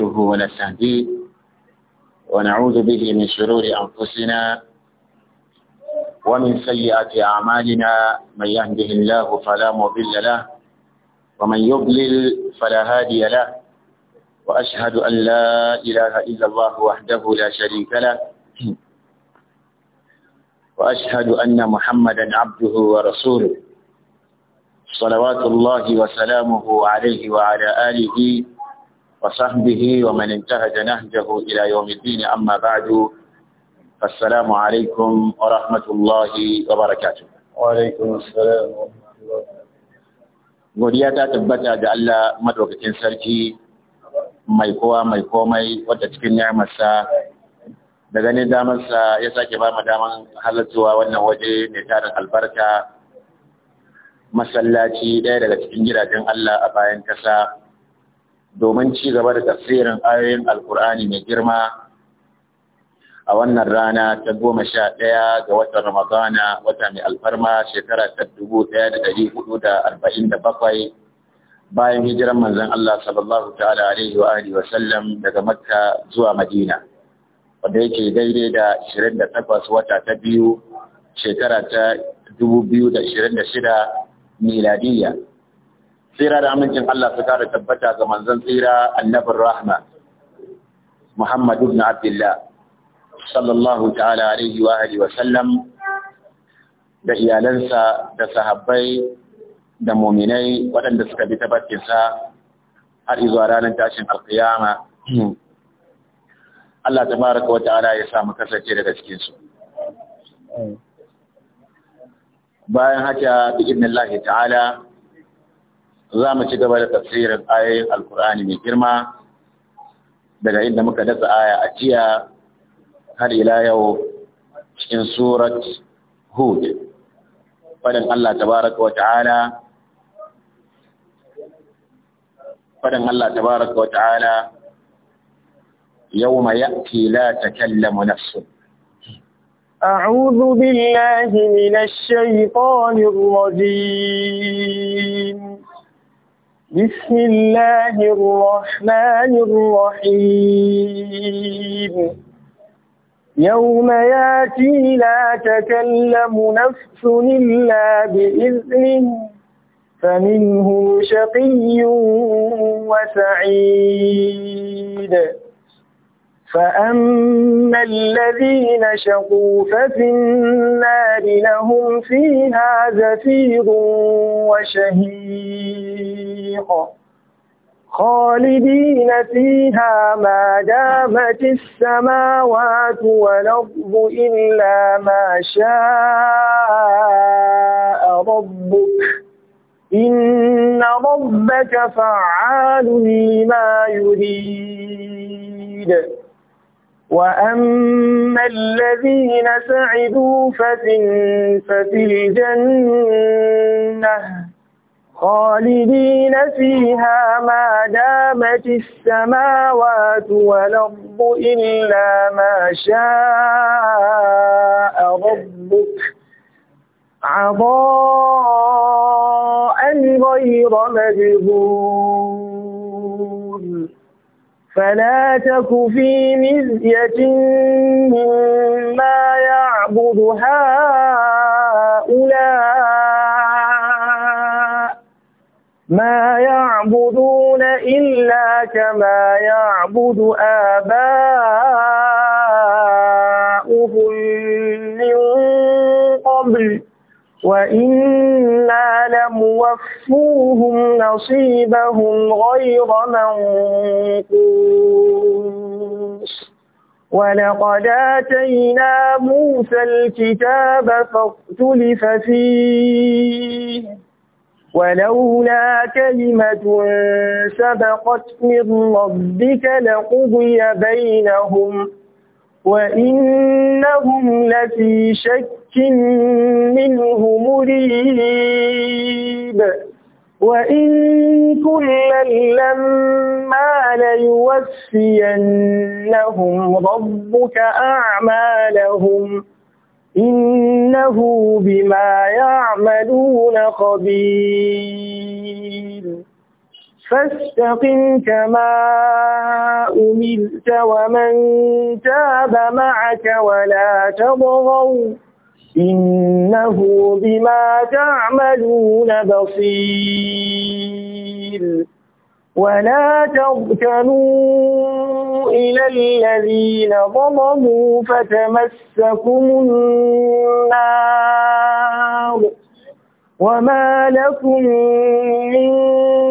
نستغفره ونستهديه ونعوذ به من شرور أنفسنا ومن سيئات أعمالنا من يهده الله فلا مضل له ومن يضلل فلا هادي له وأشهد أن لا إله إلا الله وحده لا شريك له وأشهد أن محمدا عبده ورسوله صلوات الله وسلامه عليه وعلى آله وصحبه ومن انتهج نهجه إلى يوم الدين أما بعد فالسلام عليكم ورحمة الله وبركاته وعليكم السلام ورحمة الله godiya ta tabbata ga Allah madaukakin sarki mai kowa mai komai wadda cikin ni'amarsa da ganin damarsa ya sake ba mu daman halartowa wannan waje mai tarin albarka masallaci ɗaya daga cikin gidajen Allah a bayan kasa domin ci gaba da tafsirin ayoyin alkur'ani mai girma a wannan rana ta goma sha ɗaya ga watan ramadana wata mai alfarma shekara ta dubu ɗaya da ɗari hudu da arba'in da bakwai bayan hijiran manzon Allah sallallahu ta'ala alaihi wa alihi wa sallam daga makka zuwa madina wanda yake daidai da ashirin da takwas wata ta biyu shekara ta dubu biyu da ashirin da shida miladiyya tsira da amincin Allah su kara tabbata ga manzon tsira annabin rahma Muhammad ibn Abdullah sallallahu ta'ala alaihi wa alihi wa sallam da iyalansa da sahabbai da muminai waɗanda suka bi tabbatinsa har izuwa ranar tashin alkiyama Allah tabaraka wa ta'ala ya samu kasance daga cikinsu. bayan haka bi idnillahi ta'ala za mu ci gaba da tafsirin ayoyin alkur'ani mai girma daga inda muka dasa aya a jiya har ila yau cikin surat hud fadin Allah tabaraka wa ta'ala fadin Allah tabaraka wa ta'ala yawma ya'ti la takallamu nafsun أعوذ بالله من الشيطان الرجيم بسم الله الرحمن الرحيم يوم ياتي لا تكلم نفس إلا بإذنه فمنهم شقي وسعيد فأما الذين شقوا ففي النار لهم فيها زفير وشهيق خالدين فيها ما دامت السماوات والأرض إلا ما شاء ربك إن ربك فعال لما يريد وأما الذين سعدوا ففي, الجنة خالدين فيها ما دامت السماوات والأرض إلا ما شاء ربك عضاء غير مجهول فلا تك في مزية مما يعبد هؤلاء ما يعبدون إلا كما يعبد آباؤهم من قبل وإنا لموفوهم نصيبهم غير منقوص ولقد آتينا موسى الكتاب فاختلف فيه ولولا كلمة سبقت من ربك لقضي بينهم وإنهم لفي شك منه مريب وإن كلا لما ليوفينهم ربك أعمالهم إنه بما يعملون خبير فاستقم كما أمرت ومن تاب معك ولا تبغوا إنه بما تعملون بصير ولا تركنوا إلى الذين ظلموا فتمسكم النار وما لكم من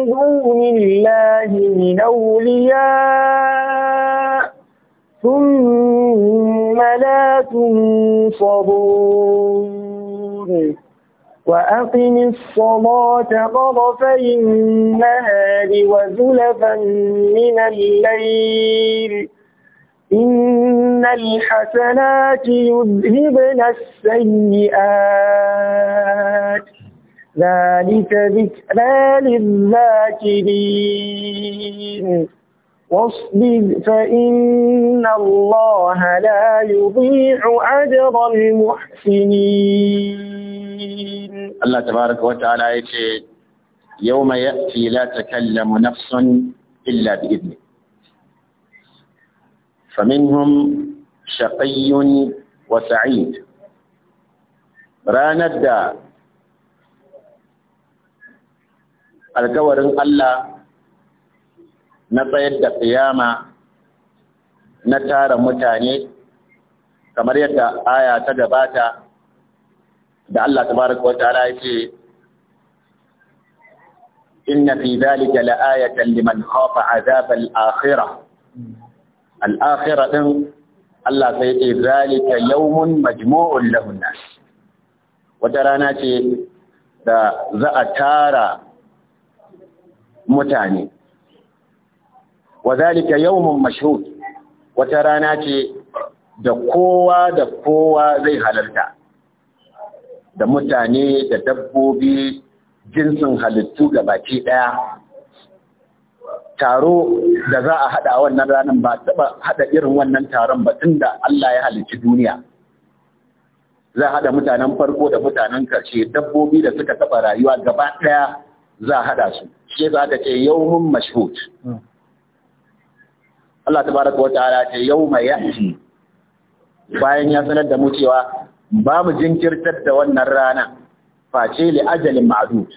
دون الله من أولياء ثم لا تنصرون وأقم الصلاة طرفي النهار وزلفا من الليل إن الحسنات يذهبن السيئات ذلك ذكرى للذاكرين واصبر فإن الله لا يضيع أجر المحسنين الله تبارك وتعالى يوم يأتي لا تكلم نفس إلا بإذنه فمنهم شقي وسعيد رانا الدار alkawarin الله na tsayar da tsiyama na tara mutane kamar yadda aya ta gabata da Allah tabaraka wata'ala ya ce inna fi dhalika la'ayatan liman khafa 'adhab al-akhirah al-akhirah din Allah sai ya ce zalika yawmun majmu'un lahu nas wata rana ce da za a tara mutane wa zalika yawmun mashhud wata rana ce da kowa da kowa zai halarta da mutane da dabbobi jinsin halittu ga baki daya taro da za a hada wannan ranar ba taba hada irin wannan taron ba tunda Allah ya halicci duniya za hada mutanen farko da mutanen karshe dabbobi da suka taba rayuwa gaba daya za hada su shi za ta ce yawmun mashhud Allah tabaraka wa ta'ala ce yawma ya'ti bayan ya sanar da mu cewa ba mu jinkirtar da wannan rana face li ajalin ma'dud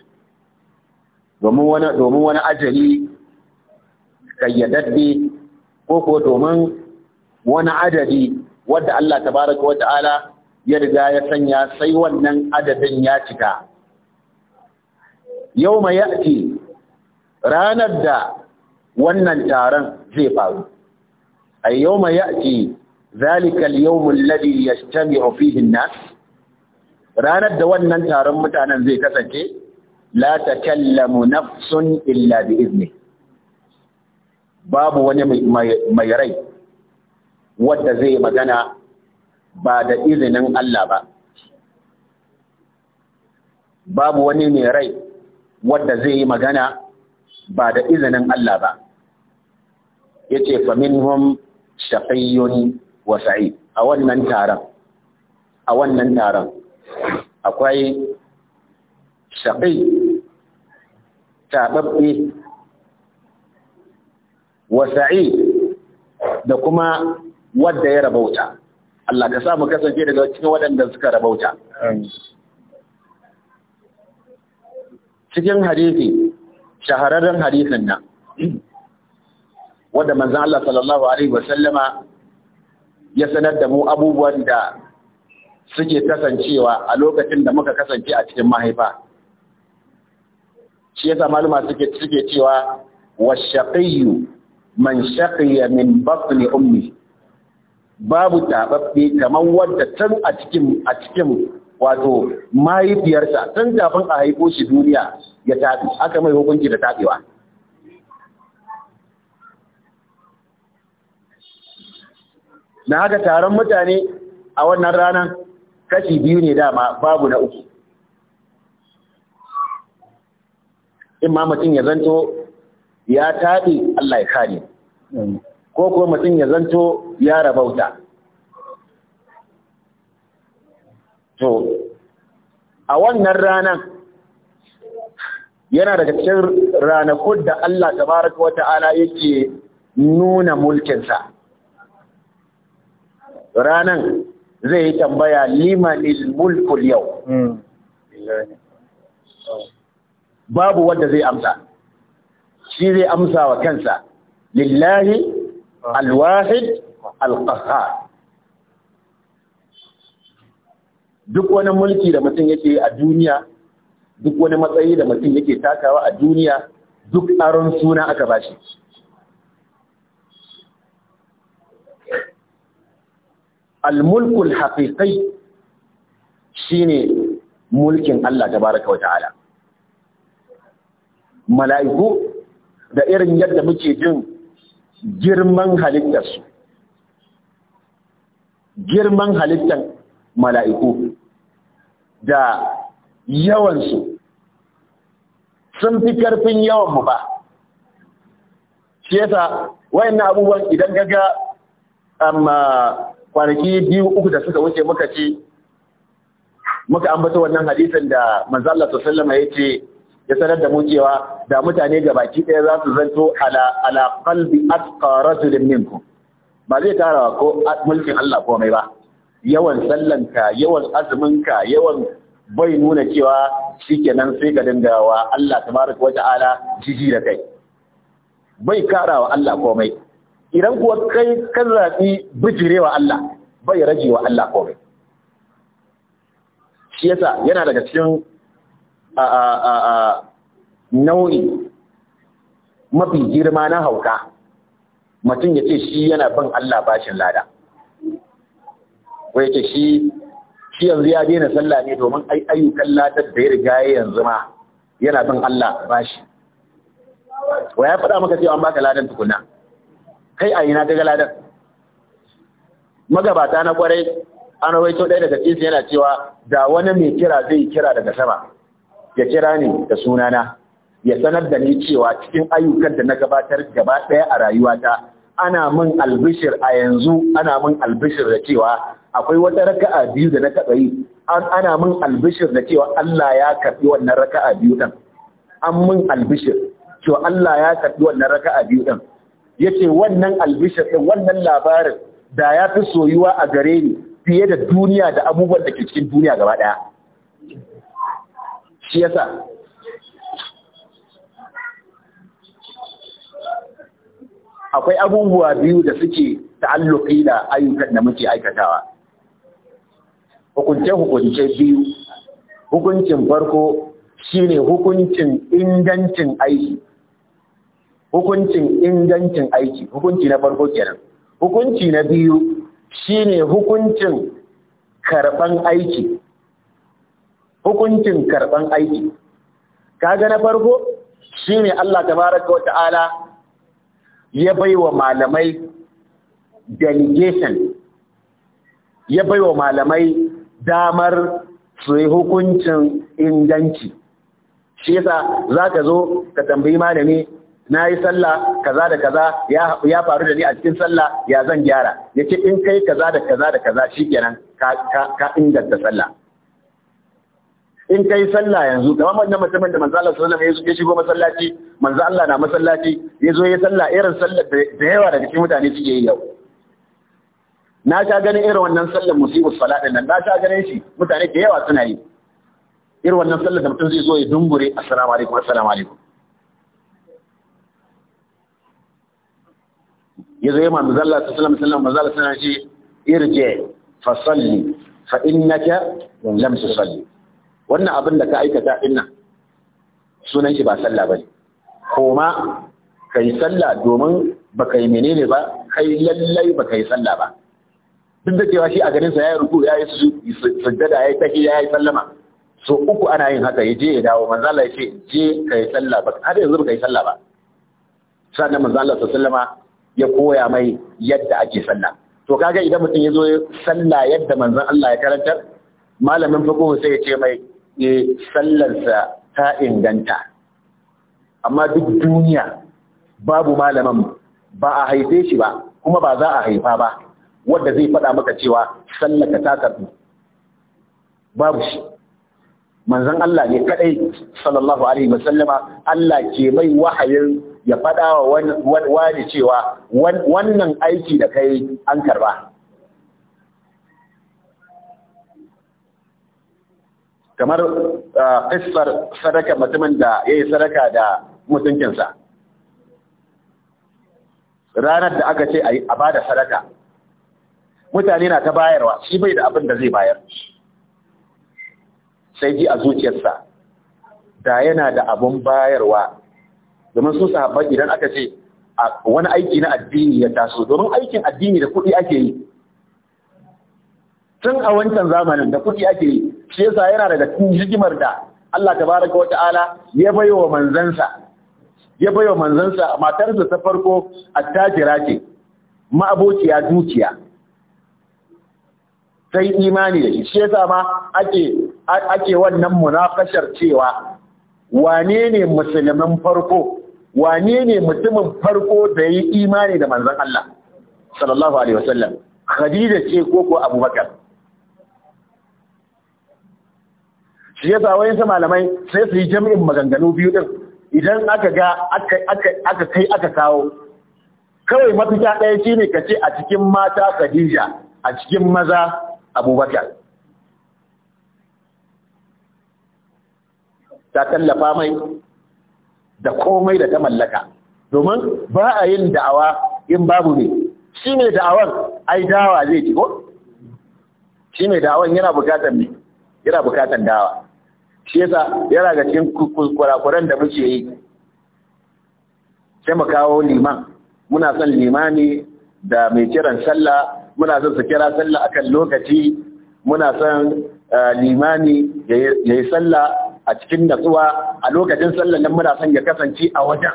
domin wani domin wani ajali kayyadadde ko ko domin wani adadi wanda Allah tabaraka wa ta'ala ya riga ya sanya sai wannan adadin ya cika yawma ya'ti ranar da wannan taron zai faru ay yawma ya'ti zalika al-yawm alladhi yajtami'u fihi an-nas ranar da wannan taron mutanen zai kasance la takallamu nafsun illa bi izni babu wani mai rai wanda zai magana ba da izinin Allah ba babu wani mai rai wanda zai yi magana ba da izinin Allah ba yace fa minhum shaqiyyun wa sa'id a wannan taron a wannan taron akwai shaqi tababbi wa sa'id da kuma wanda ya rabauta Allah ka samu kasance daga cikin waɗanda suka rabauta cikin hadisi shahararren hadisin nan wanda manzan Allah sallallahu alaihi wasallama ya sanar da mu abubuwan da suke kasancewa a lokacin da muka kasance a cikin mahaifa shi yasa maluma suke suke cewa washaqiyyu man shaqiya min batni ummi babu tababbe kamar wanda tun a cikin a cikin wato mahaifiyarsa tun kafin a haifo shi duniya ya tafi aka mai hukunci da tabewa na haka taron mutane a wannan ranar kashi biyu ne dama babu na uku in ma mutum ya zanto ya taɗi Allah ya kare ko kuma mutum ya zanto ya rabauta to a wannan ranar yana daga cikin ranakun da Allah tabaraka wata'ala yake nuna mulkinsa ranan zai yi tambaya limanil mulkul yau hmm. babu wanda zai amsa shi zai amsa wa kansa lillahi alwahid alqahhar duk wani mulki da mutum yake a duniya duk wani matsayi da mutum yake takawa a duniya duk aron suna aka bashi almulkul mulkul shi shine mulkin Allah baraka wa ta'ala mala'iku da irin yadda muke jin girman halittarsu girman halittar mala'iku da yawansu sun fi karfin yawanmu ba shi yasa wayannan abubuwan idan gaga amma kwanaki biyu uku da suka wuce muka ce muka ambata wannan hadisin da manzo Allah ya ce ya sanar da mu da mutane ga baki ɗaya za su zanto ala ala qalbi atqa rajulin minkum ba zai tara ko mulkin Allah komai ba yawan sallanka yawan azuminka yawan bai nuna cewa shikenan sai ka dinga wa Allah tabaraka wa ta'ala jiji da kai bai karawa Allah komai idan kuwa kai ka zaɓi bijirewa Allah bai rage wa Allah komai shi yasa yana daga cikin nau'i mafi girma na hauka mutum ya ce shi yana bin Allah bashin lada wai ce shi shi yanzu ya daina sallah ne domin ai ayyukan latar da ya riga yanzu ma yana bin Allah bashi wa ya faɗa maka cewa an baka ladan tukuna kai a ina ta ladan magabata na kwarai an rawaito ɗaya daga cikin yana cewa da wani mai kira zai kira daga sama ya kira ni da sunana ya sanar da ni cewa cikin ayyukan da na gabatar gaba ɗaya a rayuwata ana min albishir a yanzu ana min albishir da cewa akwai wata raka'a biyu da na taɓa yi ana min albishir da cewa Allah ya karɓi wannan raka'a biyu ɗin an min albishir cewa Allah ya karɓi wannan raka'a biyu ɗin Ya ce wannan albishir ɗin wannan labarin da ya fi soyuwa a gare ni fiye da duniya da abubuwan da ke cikin duniya gaba ɗaya. shi yasa akwai abubuwa biyu da suke ta'alluqi da ayyukan da muke aikatawa hukunce hukunce biyu hukuncin farko shi ne hukuncin ingancin aiki hukuncin ingancin aiki hukunci na farko kenan hukunci na biyu shine hukuncin karban aiki hukuncin karban aiki kaga na farko shine Allah tabaraka wa ta'ala ya baiwa malamai delegation ya baiwa malamai damar su yi hukuncin inganci shi yasa zaka zo ka tambayi malami na yi sallah kaza da kaza ya faru da ni a cikin sallah ya zan gyara ya ce in kai kaza da kaza da kaza shikenan ka inganta sallah in kai sallah yanzu kamar wannan mutumin da manzo Allah sallallahu alaihi wasallam ya shigo masallaci manzo Allah na masallaci ya zo ya sallah irin sallar da yawa daga cikin mutane suke yi yau na sha ganin irin wannan sallar musibu salat din nan na sha ganin shi mutane da yawa suna yi irin wannan sallar da mutum zai zo ya dumbure assalamu alaikum assalamu alaikum ya zo ya ma mazalla ta sallama sallama mazalla suna ce irje fa salli fa innaka lam tusalli wannan abin da ka aikata din nan sunan shi ba sallah bane koma kai sallah domin baka yi menene ba kai lallai baka yi sallah ba duk da cewa shi a garin sa yayi ruku yayi sujjada yayi tahiyya yayi sallama so uku ana yin haka ya je ya dawo manzo Allah ya ce je kai sallah ba har yanzu baka kai sallah ba sannan manzo Allah sallama ya koya mai yadda ake sallah to kaga idan mutum ya zo sallah yadda manzon Allah ya karantar malamin fiqh sai ya ce mai eh, sallarsa ta inganta amma duk duniya babu malamin ba a haife shi ba kuma ba za a haifa ba wanda zai faɗa maka cewa sallaka ta karɓi babu shi manzon Allah ne kadai sallallahu alaihi wasallama Allah ke mai wahayin ya faɗa wa wani cewa wannan aiki da kai an karba. Kamar ƙisar uh, sadaka mutumin da ya yi sadaka da mutuncinsa. Ranar da aka ce a ba da sadaka, mutane na ta bayarwa, shi bai da abin da zai bayar. Sai ji a zuciyarsa, da yana da abin bayarwa domin sun sahabbai idan aka ce wani aiki na addini ya taso domin aikin addini da kuɗi ake yi tun a wancan zamanin da kuɗi ake yi shi yasa yana daga cikin hikimar da Allah ta tabaraka wata'ala ya baiwa manzansa ya baiwa manzansa matarsa ta farko attajira ce ma'abociya dukiya sai imani da shi shi yasa ma ake ake wannan munafashar cewa wane ne musulmin farko wane ne mutumin farko da ya yi imani da manzan Allah sallallahu alaihi wasallam Khadija ce ko ko Abubakar shi yasa wayan sa malamai sai su yi jami'in maganganu biyu din idan aka ga aka kai aka kawo kawai mafita ɗaya shine ka ce a cikin mata Khadija a cikin maza Abubakar ta tallafa mai da komai da ta mallaka domin ba a yin da'awa in babu ne shi mai da'awan ai dawa zai ci ko shi mai da'awan yana bukatar ne yana bukatar dawa shi yasa yana ga cikin kurakuran da muke yi sai mu kawo liman muna son limani da mai kiran sallah muna son su kira sallah akan lokaci muna son eh, limani ya yi sallah a cikin natsuwa a lokacin sallan nan muna son ya kasance a wajen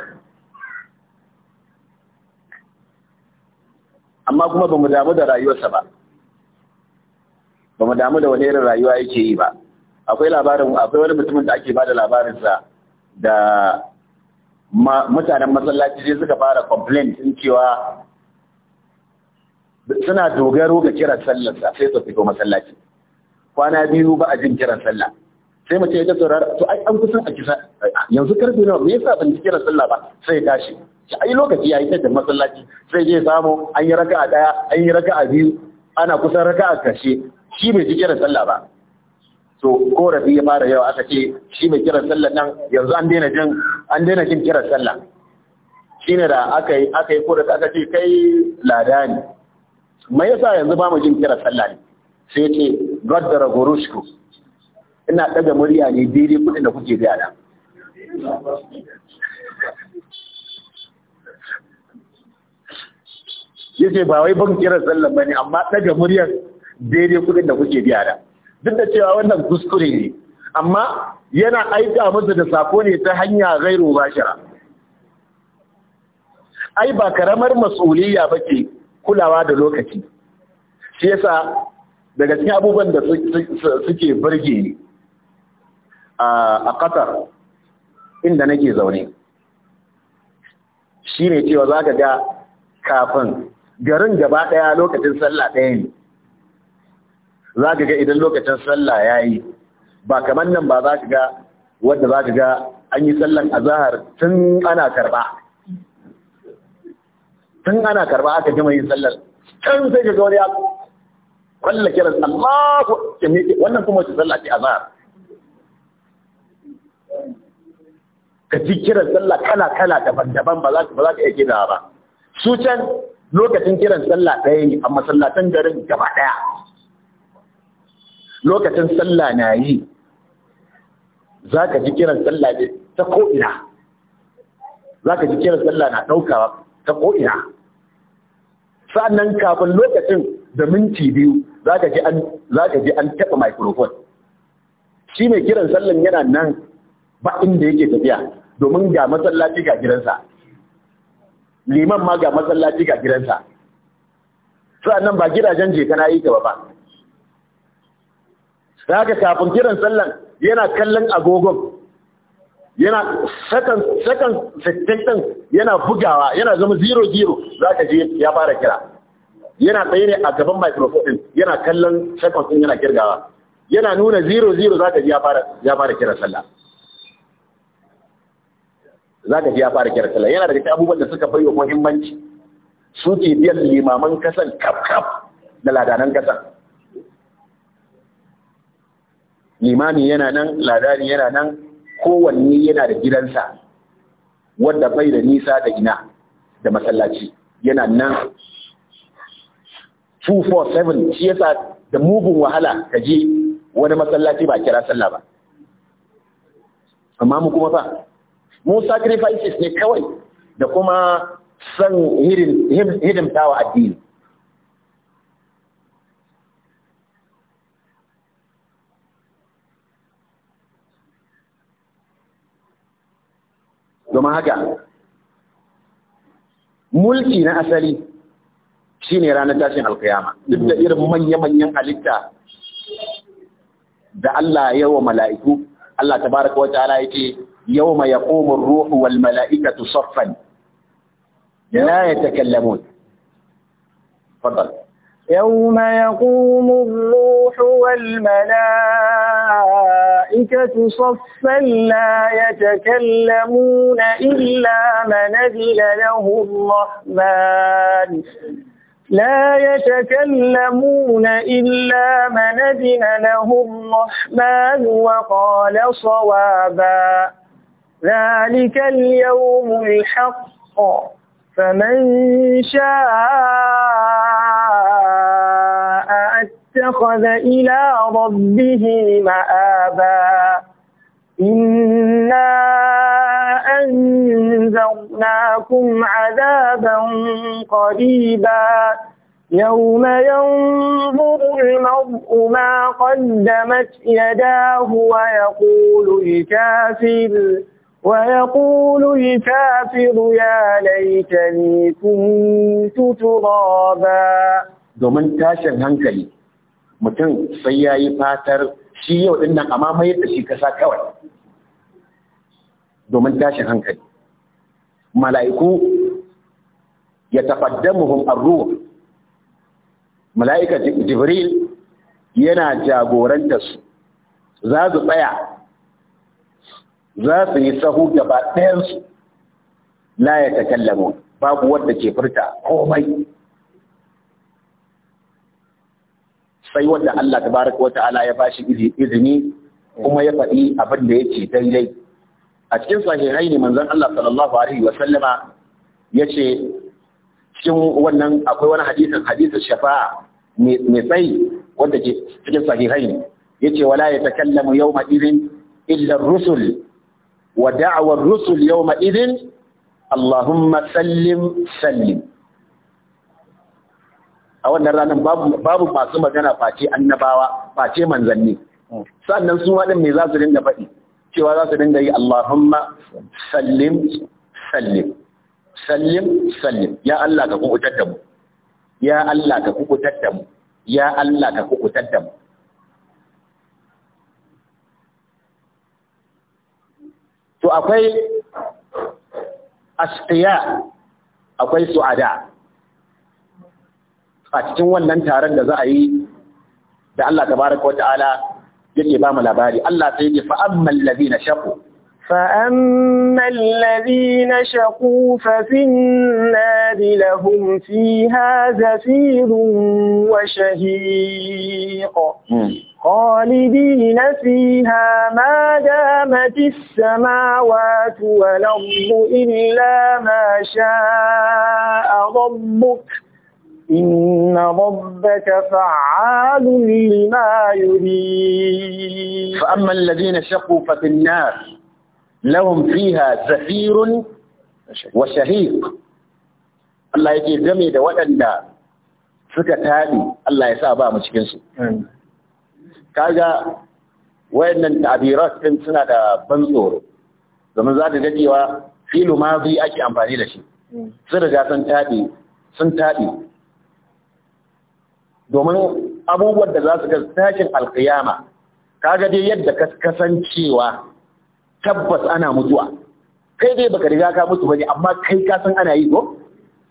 amma kuma ba mu damu da rayuwarsa ba ba mu damu da wani irin rayuwa yake yi ba akwai labarin akwai wani mutumin da ake ba da labarinsa da mutanen masallaci sai suka fara complaint din cewa suna dogaro ga kiran sallarsa sai su fito masallaci kwana biyu ba a jin kiran sallah sai mace ya saurara to ai an kusan a kisa yanzu karfe nawa me yasa ban ji kiran sallah ba sai ya tashi ki ai lokaci yayi da masallaci sai je samu an yi raka'a daya an yi raka'a biyu ana kusan raka'a kashe shi bai ji kiran sallah ba to korafi ya fara yawa aka ce shi mai kiran sallah nan yanzu an daina jin an daina jin kiran sallah shine da aka yi aka yi korafi aka ce kai lada ne me yasa yanzu ba mu jin kiran sallah ne sai ce gaddara gurushku ina ɗaga murya ne daidai kuɗin da kuke biya na yace ba wai ban kira sallan bane amma ɗaga muryar daidai kuɗin da kuke biya na duk da cewa wannan kuskure ne amma yana aika musu da sako ne ta hanya gairu bashira ai ba karamar ba ke kulawa da lokaci shi yasa daga cikin abubuwan da suke burge ne. a ƙasar inda nake zaune shi ne cewa za ka ga kafin garin gaba ɗaya lokacin sallah ɗaya ne za ka ga idan lokacin sallah ya yi ba kamar nan ba za ka ga wadda za ka ga an yi sallan azahar tun ana karɓa tun ana karɓa aka gama yin sallar can sai ka ga wani ya kwalla kiran Allahu wannan kuma wace sallah ce azahar ka ji kiran sallah kala kala daban-daban ba za ka ba za ka iya gina ba su can lokacin kiran sallah ɗaya ne amma sallatan garin gaba ɗaya lokacin sallah na yi za ka ji kiran sallah ne ta ko'ina za ka ji kiran sallah na ɗaukawa ta ko'ina sa'annan kafin lokacin da minti biyu za ka ji an taɓa microphone shi mai kiran sallan yana nan ba inda yake tafiya domin ga masallaci ga gidansa liman ma ga masallaci ga gidansa nan ba gidajen je kana yi gaba ba haka kafin kiran sallan yana kallon agogon yana sakan sakan sakan yana bugawa yana zama zero zero zaka je ya fara kira yana tsaye ne a gaban microphone din yana kallon sakan din yana kirgawa yana nuna zero zero zaka je ya fara ya fara kira sallah za ka ji ya fara kira sallah yana daga cikin abubuwan da suka bai wa muhimmanci su ke biyan limaman kasan kaf kaf da ladanan kasan limami yana nan ladani yana nan kowanne yana da gidansa wanda bai da nisa da ina da masallaci yana nan 247 shi yasa da mugun wahala ka je wani masallaci ba kira sallah ba amma mu kuma fa mu sacrifices ne kawai da kuma san wa addini domin haka mulki na asali shine ranar tashin alkiyama duk da irin manya-manyan halitta da Allah yawa mala'iku Allah ta wata ala yake يوم يقوم الروح والملائكة صفا لا يتكلمون تفضل يوم يقوم الروح والملائكة صفا لا يتكلمون إلا من أذن له الرحمن لا يتكلمون إلا من أذن له الرحمن وقال صوابا ذلك اليوم الحق فمن شاء اتخذ إلى ربه مآبا إنا أنذرناكم عذابا قريبا يوم ينظر المرء ما قدمت يداه ويقول الكافر ويقول الكافر يا ليتني كنت ترابا domin tashin hankali mutum sai ya yi fatar shi yau din nan amma mai da shi kasa kawai domin tashin hankali mala'iku ya tafaddamuhum ar-ruh mala'ika jibril yana jagorantar su za su tsaya za su yi sahu gaba ɗayansu la ya takallamu babu wanda ke furta komai sai wanda Allah Ta tabaraka wata'ala ya ba shi izini kuma ya faɗi abin da ya yake daidai a cikin sahihai ne manzon Allah sallallahu alaihi wa sallama ya ce, cikin wannan akwai wani hadisin hadisin shafa'a mai tsayi wanda ke cikin sahihai ne ce, wala ya takallamu yawma idin illar rusul wa da'awar rusul yawma idin Allahumma sallim sallim a wannan ranar babu masu magana face annabawa face manzanni sannan su waɗin me za su dinga faɗi cewa za su dinga yi Allahumma sallim sallim sallim sallim ya Allah ka kukutar da mu ya Allah ka kukutar da mu ya Allah ka kukutar da mu akwai ashqiya akwai su'ada a cikin wannan taron da za a yi da Allah tabaraka wa ta'ala yake ba mu labari Allah sai yake fa ammal ladina shaqu fa ammal ladina shaqu fa finna lahum fiha zafirun wa shahiq hmm. خالدين فيها ما دامت السماوات والأرض إلا ما شاء ربك إن ربك فعال لما يريد فأما الذين شقوا ففي النار لهم فيها زفير وشهيق الله يجي جميل وأن سكتاني الله Allah ya sa kaga wayannan tabirat din suna da ban tsoro domin za ka ga cewa filu mazi ake amfani da shi hmm. sun riga sun taɗi sun taɗi domin abubuwan da za su ga tashin alkiyama kaga dai yadda ka kasancewa tabbas ana mutuwa kai dai baka riga ka mutu bane amma kai ka san ana yi ko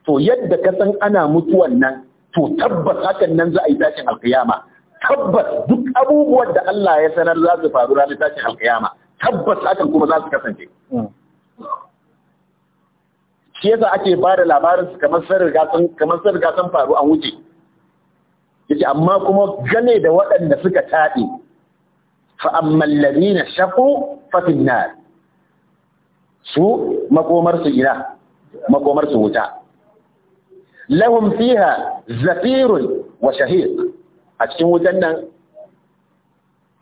to yadda ka san ana mutuwan nan to tabbas hakan nan za a yi tashin alkiyama tabbas duk abubuwan da Allah ya sanar za su faru ranar tashin alkiyama tabbas akan kuma za su kasance hmm. shi yasa ake ba da labarin su kamar sun riga faru an wuce yace amma kuma gane da waɗanda suka taɗe fa ammal ladina shaqu fa fin nar su makomar su ina makomar wuta lahum fiha zafirun wa shahiq a cikin wutan nan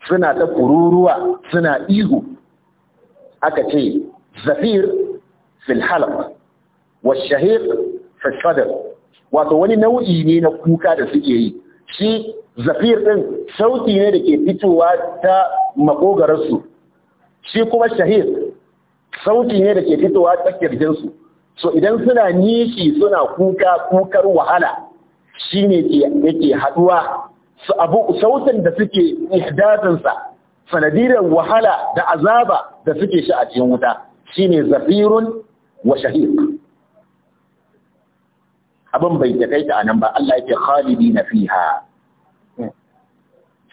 suna ta kururuwa suna ihu aka ce zafir fil halaq wa shahiq fil sadr wato wani nau'i ne na kuka da suke yi shi zafir din sauti ne da ke fitowa ta makogararsu shi kuma shahir sauti ne da ke fitowa ta kirjinsu so idan suna nishi suna kuka kukar wahala shi ne yake haduwa su abu sautin da suke ihdasinsa sanadirar wahala da azaba da suke shi a cikin wuta shine zafirun wa abin bai takaita anan ba Allah yake khalidina fiha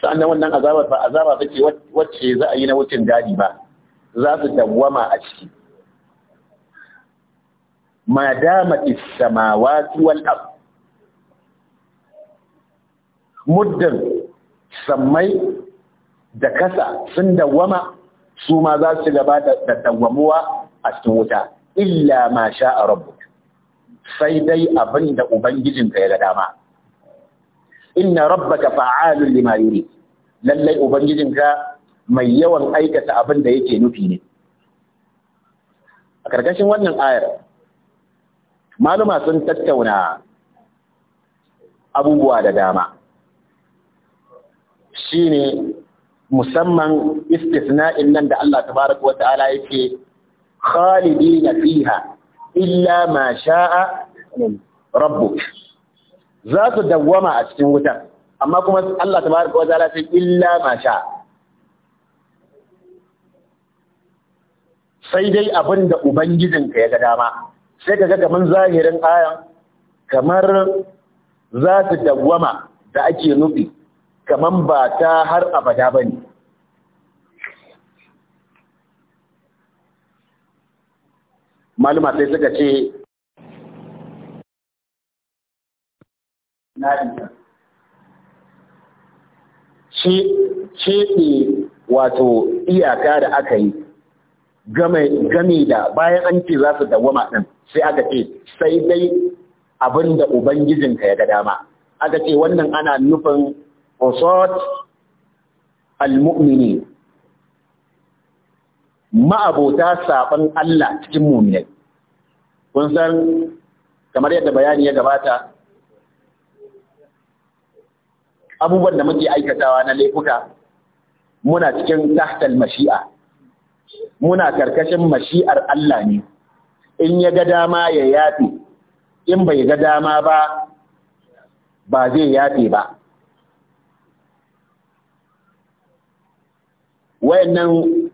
sa'annan wannan azaba ba azaba take wacce za a yi na wucin gadi ba za su dawwama a ciki ma damat is samawati wal ardh muddin sammai da kasa sun dawwama su ma za su gaba da dawwamuwa a cikin wuta illa ma sha a sai dai abin da ubangijinka ya ga dama inna rabbaka fa'alun lima yuri lallai ubangijinka mai yawan aikata abin da yake nufi ne a karkashin wannan ayar maluma sun tattauna abubuwa da dama Shi ne musamman istisna'in nan da Allah Ta baraka wa ta'ala yake khalidina fiha illa ma sha'a rabbu za su dawwama a cikin wuta amma kuma Allah Ta baraka wa ta'ala sai illa ma sha'a sai dai abin da ubangijinka ya ga dama sai ka ga kaman zahirin ayan kamar za su dawwama da ake nufi kaman ba ta har abada ba ne maluma sai suka ce ce wato iyaka da aka yi game da bayan an ce za su dawama ɗin sai aka ce sai dai abin da Ubangijinka ya ga dama. Aka ce wannan ana nufin usat almu'mini ma'abota saban Allah cikin mu'minai kun san kamar yadda bayani ya gabata abubuwan da muke aikatawa na laifuka muna cikin tahtal mashi'a muna karkashin mashi'ar Allah ne in ya ga dama ya yafe in bai ga dama ba ba zai yafe ba wayannan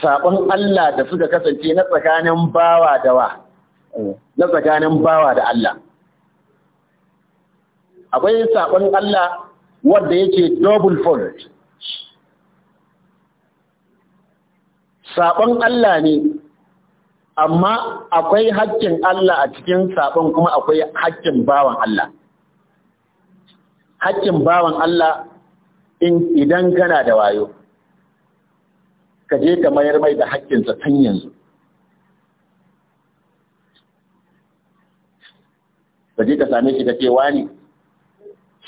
sabon Allah da suka kasance na tsakanin bawa da wa na tsakanin bawa da Allah akwai sabon Allah wanda yake double fold sabon Allah ne amma akwai haƙƙin Allah a cikin sabon kuma akwai haƙƙin bawan Allah haƙƙin bawan Allah idan kana da wayo ka je ka mayar mai da haƙƙinsa tun yanzu ka je ka same shi ka ce wani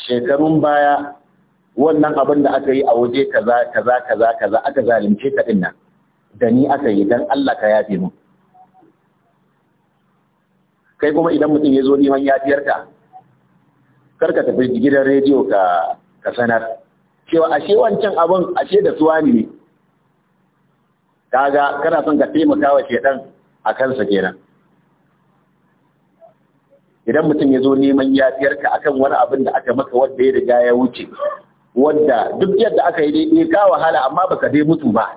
shekarun baya wannan abin da aka yi a waje kaza kaza kaza kaza aka zalunce ka da ni aka yi don Allah ka yafe mu kai kuma idan mutum ya zo neman yafiyarka kar ka tafi gidan rediyo ka sanar cewa ashe wancan abin ashe da suwa ne kaga kana son ka taimaka wa shedan a kansa kenan idan mutum ya zo neman yafiyarka akan wani abin da aka maka wanda ya riga ya wuce wanda duk yadda aka yi dai ka wahala amma baka dai mutu ba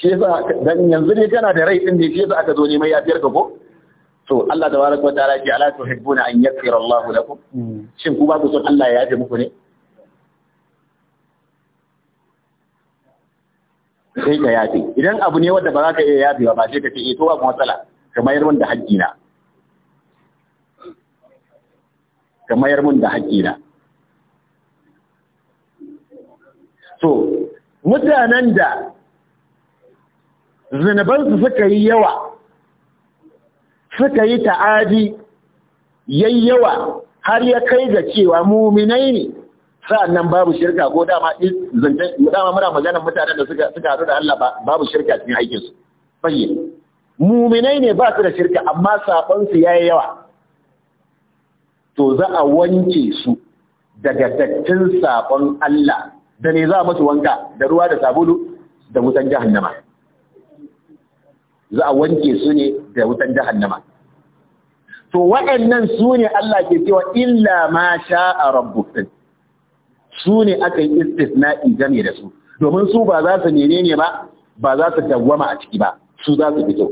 shi yasa dan yanzu ne kana da rai din ne shi yasa aka zo neman yafiyarka ko to Allah tabaraka wa ta'ala ki ala tuhibbuna an yaghfira Allahu lakum mm. shin ku ba ku son Allah ya yafe muku ne sai ka yafe idan abu ne wanda ba za ka iya yafe ba sai ka ce eh, to ba matsala ka mayar min da haƙƙi na ka mayar min da haƙƙi na to mutanen da su suka yi yawa suka yi ta'adi yayyawa har ya kai ga cewa muminai ne sa'annan babu shirka ko dama zancen dama muna maganar mutanen da suka suka haɗu da Allah babu shirka cikin aikin su fayyin muminai ne ba su da shirka amma sabon su yayi yawa to za a wanke su daga dattin sabon Allah da ne za a musu wanka da ruwa da sabulu da wutan jahannama za a wanke su ne da wutan jahannama to waɗannan su ne Allah ke cewa illa ma sha'a rabbuka su ne aka yi istisna'i game da su domin su ba za su nene ne ba ba za su dawwama a ciki ba su za su fito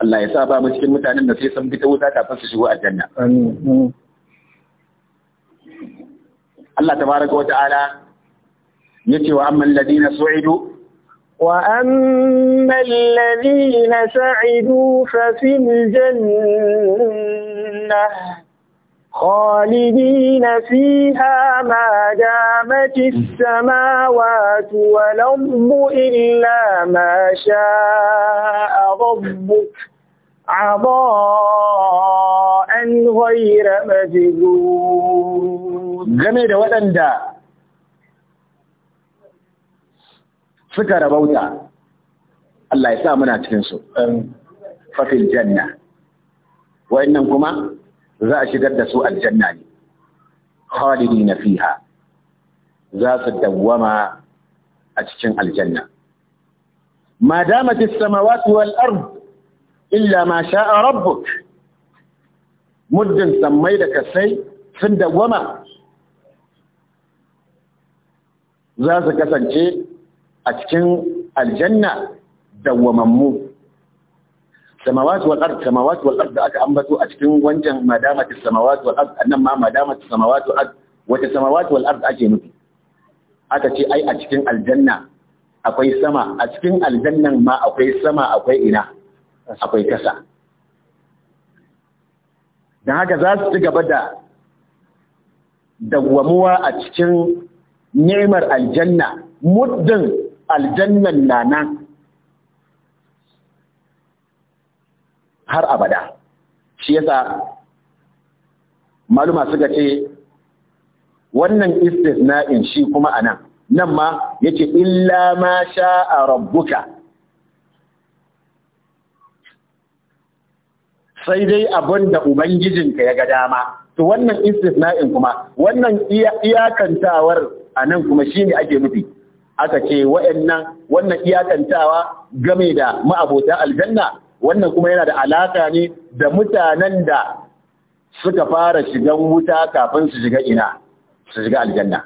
Allah ya sa ba mu cikin mutanen da sai sun fita wuta kafin su shigo aljanna Allah tabaraka wa ta'ala yace wa amman ladina su'idu وأما الذين سعدوا ففي الجنة خالدين فيها ما دامت السماوات والأرض إلا ما شاء ربك عضاء غير مجدود game da waɗanda suka bauta, Allah ya sa muna cikinsu fafil janna wa'annan kuma za a shigar da su aljanna ne na fiha za su dawwama a cikin aljanna ma damat as-samawati wal illa ma sha'a rabbuk muddin sammai da kasai sun dawwama za su kasance a cikin aljanna dawwamammu samawat wal ard samawat wal ard da aka ambato a cikin wancan madamati samawat wal ard annan ma madamati samawat wal ard wata samawat wal ard ake nufi aka ce ai a cikin aljanna akwai sama a cikin aljannan ma akwai sama akwai ina akwai kasa dan haka za su ci gaba da dawwamuwa a cikin nemar aljanna muddin aljannan na nan har abada shi yasa maluma suka ce wannan istisna'in shi kuma anan nan ma yake illa ma sha a rabbuka sai dai abin da ubangijinka ya ga dama to wannan istisna'in kuma wannan iyakantawar anan kuma shine ake nufi aka ce wa'annan wannan iyakantawa game da ma'abota aljanna wannan kuma yana da alaka ne da mutanen da suka fara shigan wuta kafin su shiga ina su shiga aljanna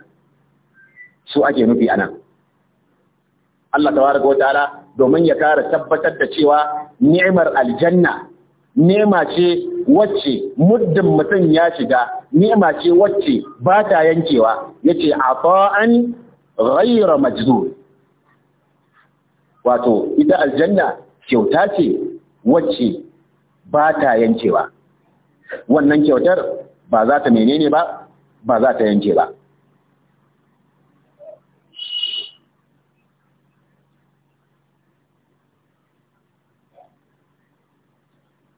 su ake nufi anan Allah tabaraka wa ta'ala domin ya kara tabbatar da cewa ni'imar aljanna nema ce wacce muddin mutum ya shiga nema ce wacce ba ta yankewa yace ata'an ghayra majdud wato ita aljanna kyauta ce wacce ba ta yankewa wannan kyautar ba za ta menene ba ba za ta yanke ba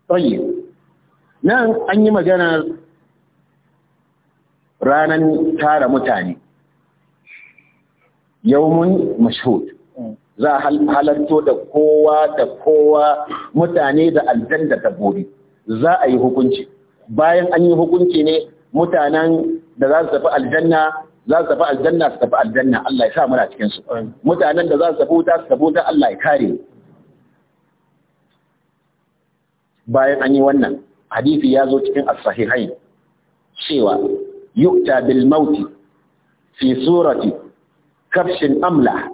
tsaye nan an yi maganar ranar tara mutane yawon mashahudu. za a halatto da kowa da kowa mutane da aljan da dabbobi za a yi hukunci bayan an yi hukunci ne mutanen da za su tafi aljanna za su tafi aljanna su tafi aljanna Allah ya sa muna cikin su mutanen da za su tafi wuta su tafi wuta Allah ya kare bayan an yi wannan hadisi ya zo cikin as-sahihain cewa yukta bil mauti fi surati kafshin amla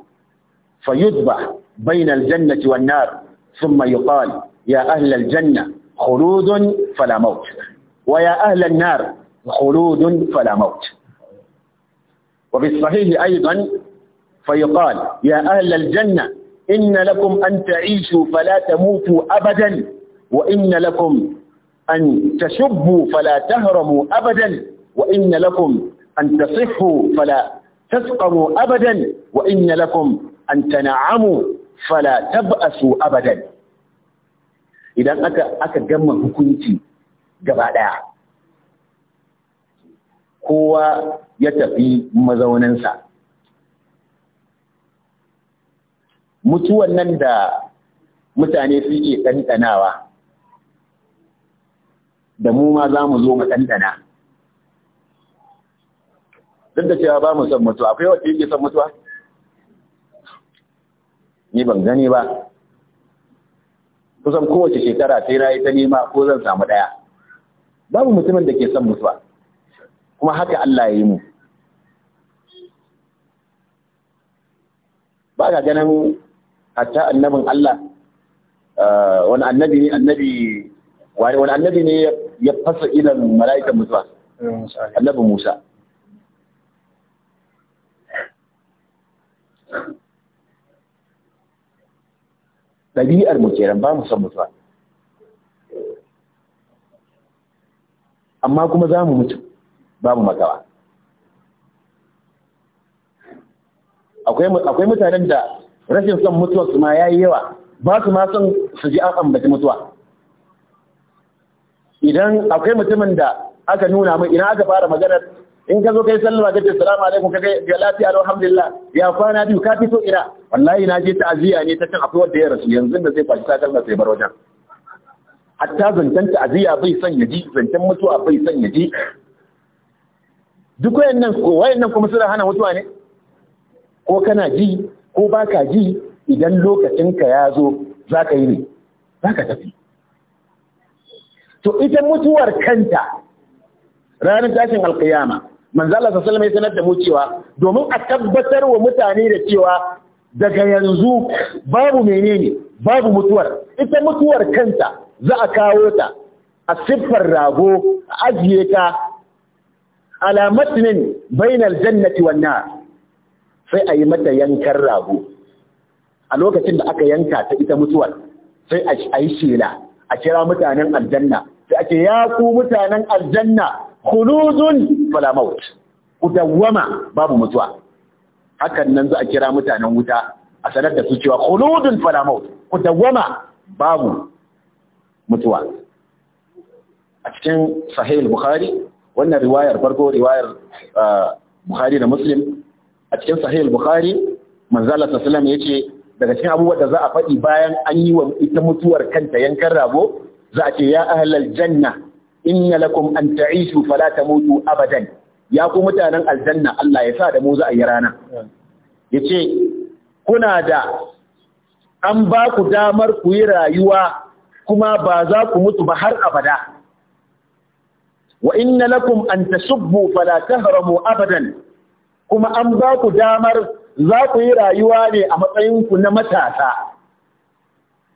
فيذبح بين الجنة والنار ثم يقال يا أهل الجنة خلود فلا موت ويا أهل النار خلود فلا موت وفي الصحيح أيضا فيقال يا أهل الجنة إن لكم أن تعيشوا فلا تموتوا أبدا وإن لكم أن تشبوا فلا تهرموا أبدا وإن لكم أن تصحوا فلا تسقموا أبدا وإن لكم an tana'amu fala tab'asu abadan idan aka aka gama hukunci gaba daya kowa ya tafi mazauninsa mutuwan nan da mutane suke ɗanɗanawa da mu ma za mu zo mu ɗanɗana duk da cewa ba mu son mutuwa akwai wanda yake son mutuwa ni ban gani ba kusan kowace shekara sai na yi ta nema ko zan samu ɗaya babu mutumin da ke son mutuwa kuma haka Allah ya yi mu ba ka ganin hatta annabin Allah eh, wani annabi ne annabi wani annabi ne ya fasa ilan mala'ikan mutuwa annabin Musa ɗabi'ar mu kenan ba mu san mutuwa amma kuma za mu mutu ba mu makawa akwai mutanen da rashin son mutuwa su ma ya yi yawa ba su ma son su ji an ambaci mutuwa idan akwai mutumin da aka nuna mai idan aka fara maganar in ka zo kai sallama ka ce salamu alaikum ka kai ga lafiya alhamdulillah ya kwana biyu ka fito ira wallahi na je ta'aziyya ne ta cin akwai wanda ya rasu yanzu da zai fashi takalma sai bar wajen hatta zancen ta'aziyya bai son ya ji zancen mutuwa bai son ya ji duk wayannan ko wayannan kuma suna hana mutuwa ne ko kana ji ko baka ji idan lokacin ka ya zo za ka yi ne za ka tafi to ita mutuwar kanta ranar tashin alkiyama Manzala Allah mai ya sanar da mu cewa domin a tabbatar wa mutane da cewa daga yanzu babu menene babu mutuwar ita mutuwar kanta za a kawo ta a siffar rago a ajiye ta alamatnin bainal jannati wan wannan. sai a yi mata yankan rago a lokacin da aka yanka ta ita mutuwar sai a yi shela a kira mutanen aljanna sai ake ya ku mutanen aljanna khuludun fala maut udawwama babu mutuwa hakan nan za a kira mutanen wuta a sanar da su cewa khuludun fala maut udawwama babu mutuwa a cikin sahih bukhari wannan riwayar farko riwayar uh, bukhari da muslim a cikin sahih bukhari manzala sallallahu yace daga cikin abubuwan da za a faɗi bayan an yi wa ita mutuwar kanta yankan rabo za a ce ya ahlal janna inna lakum an ta'ishu fala tamutu abadan ya ku mutanen aljanna Allah ya sa da mu za a yi rana yace kuna da an ba ku damar ku yi rayuwa kuma ba za ku mutu ba har abada wa inna lakum an tasubbu fala tahramu abadan kuma an ba ku damar za ku yi rayuwa ne a matsayin ku na matasa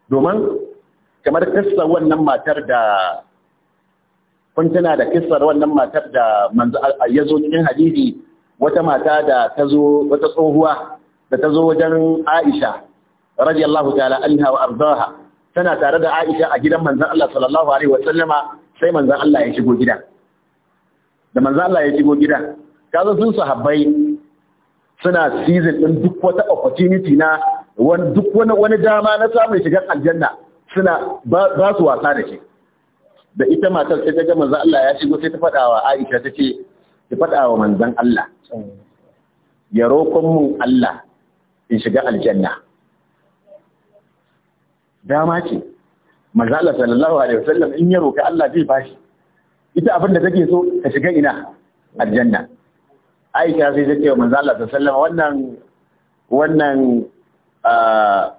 domin kamar kasta wannan matar da kun tana da kissar wannan matar da manzo ya zo cikin hadisi wata mata da ta zo wata tsohuwa da ta zo wajen Aisha radiyallahu ta'ala anha wa ardaha tana tare da Aisha a gidan manzon Allah sallallahu alaihi wa sallama sai manzon Allah ya shigo gida. da manzon Allah ya shigo gidan kaza sun sahabbai suna season din duk wata opportunity na wani duk wani dama na samun shigar aljanna suna ba su wasa da shi da ita matar sai ta ga manzan Allah ya shigo sai ta faɗa wa Aisha ta ce ki faɗa wa manzan Allah ya roƙon mun Allah in shiga aljanna dama ce manzan Allah sallallahu alaihi wasallam in ya roƙi Allah zai bashi ita abin da take so ta shiga ina aljanna Aisha sai ta ce wa manzon Allah sallallahu alaihi wasallam wannan wannan ah,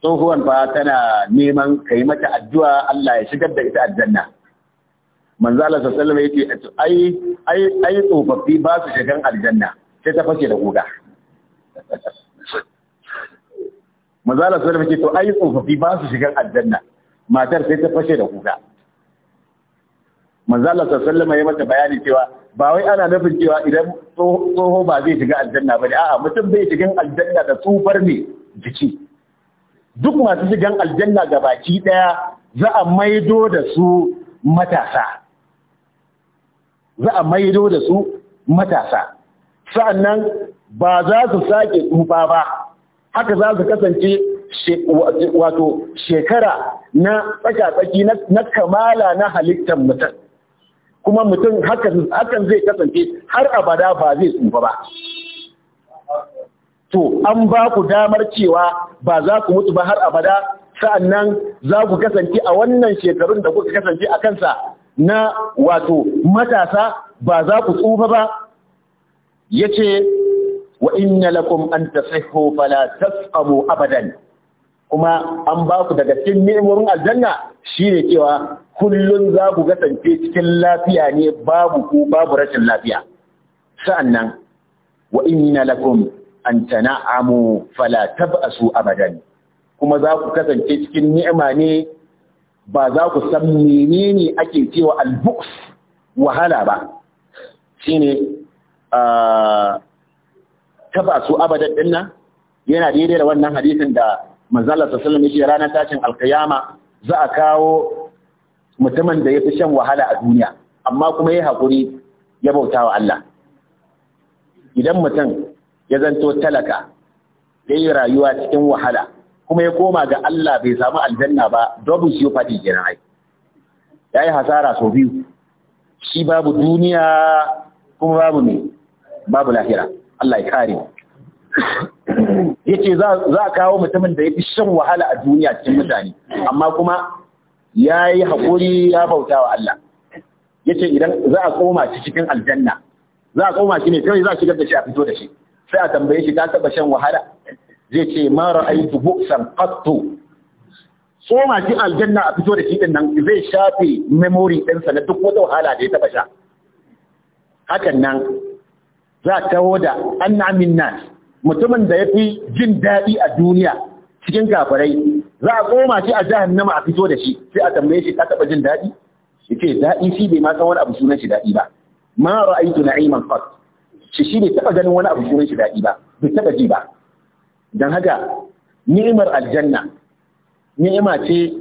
tsohuwan fa tana neman ka yi mata addu'a Allah ya shigar da ita aljanna manzo Allah sallallahu alaihi wasallam ai ai ai tsofaffi ba su shigan aljanna sai ta fashe da guga manzo Allah sallallahu alaihi wasallam ai tsofaffi ba su shigan aljanna matar sai ta fashe da kuka manzo Allah sallallahu alaihi wasallam ya mata bayani cewa ba wai ana nufin cewa idan tsoho ba zai shiga aljanna ba ne a'a mutum bai shiga aljanna da tsufar ne jiki duk masu shigan aljanna ga baki ɗaya za a maido da su matasa za a maido da su matasa sa'annan ba za su sake tsufa ba haka za su kasance wato shekara na tsaka-tsaki na kamala na halittar mutum kuma mutum hakan zai kasance har abada ba zai tsufa ba to an ba ku damar cewa ba za ku mutu ba har abada sa'annan za ku kasance a wannan shekarun da kuka kasance a kansa na wato matasa ba za ku tsufa ba Ya ce, wa inna lakum an tasihhu fala tasqamu abadan kuma an ba ku daga cikin ni'imomin aljanna Shi shine cewa kullum za ku kasance cikin lafiya ne babu ku babu rashin lafiya sa'annan wa inna lakum an tana'amu fala tab'asu abadan kuma za ku kasance cikin ni'ima ne ba za ku san menene ake cewa albuks wahala ba shine tab'asu abadan nan yana daidai da wannan hadisin da manzala sallallahu alaihi ranar tashin alkiyama za a kawo mutumin da ya fi shan wahala a duniya amma kuma ya hakuri ya bauta wa Allah idan mutum ya zanto talaka ya yi rayuwa cikin wahala kuma ya koma ga Allah bai samu aljanna ba double shi fadi kenan ai ya yi hasara sau biyu shi babu duniya kuma babu ne babu lahira Allah ya kare ya ce za a kawo mutumin da ya fi shan wahala a duniya cikin mutane amma kuma ya yi ya bauta wa Allah ya ce idan za a koma shi cikin aljanna za a koma shi ne kai za a shigar da shi a fito da shi sai a tambaye shi ta taba shan wahala zai ce mara ra'aytu buksan qattu so ma aljanna a fito da shi din nan zai shafe memory ɗinsa na duk wata wahala da ya taba sha hakan nan za ta da annamin nas mutumin da ya fi jin daɗi a duniya cikin gafarai, za a koma shi a nama a fito da shi sai a tambaye shi ta taba jin daɗi ce daɗi shi bai ma san wani abu sunan shi daɗi ba ma ra'aytu na'iman qattu shi shi bai taɓa ganin wani abu turai shi daɗi ba bai taɓa ji ba don haka ni'imar aljanna ni'ima ce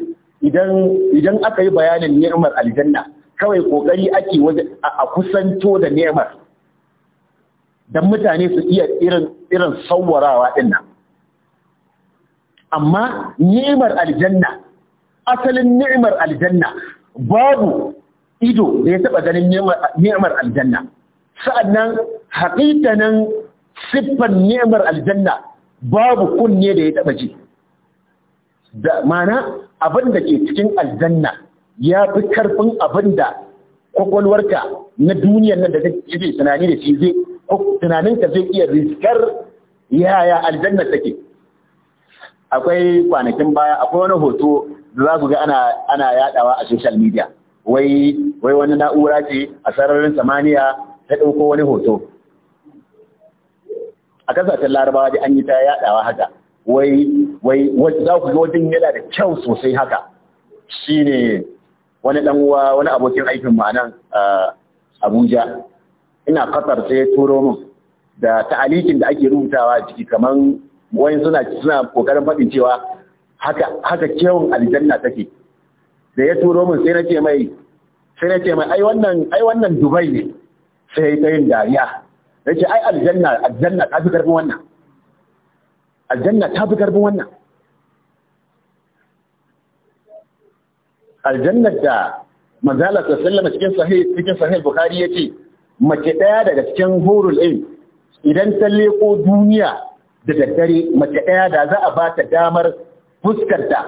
idan idan aka yi bayanin ni'imar aljanna kawai kokari ake a kusanto da ni'imar don mutane su iya irin irin sauwarawa din nan amma ni'imar aljanna asalin ni'imar aljanna babu ido da ya taɓa ganin ni'imar aljanna sa'annan haƙiƙanin siffan nemar aljanna babu kunne da ya taɓa ji da mana abin da ke cikin aljanna ya fi karfin abin da kwakwalwarka na duniyar nan da kake tunani da shi zai tunaninka zai iya riskar yaya aljanna take akwai kwanakin baya akwai wani hoto da za ku ga ana ana yadawa a social media wai wai wani na'ura ce a sararin samaniya ta ɗauko wani hoto a kasashen larabawa dai an yi ta yaɗawa haka wai wai za ku ga wajen yana da kyau sosai haka shine wani dan uwa wani abokin aikin mu anan Abuja ina Qatar sai turo mu da ta'alikin da ake rubutawa ciki kaman wani suna suna kokarin faɗin cewa haka haka kyawun aljanna take da ya turo mun sai nace mai sai nace mai ai wannan ai wannan Dubai ne sai ta yin dariya yace ai aljanna aljanna ta fi karbin wannan aljanna ta fi karbin wannan aljannar da manzala sallama cikin sahih cikin sahih bukhari mace daya daga cikin hurul ain idan ta leko duniya da daddare mace daya da za a ba ta damar fuskarta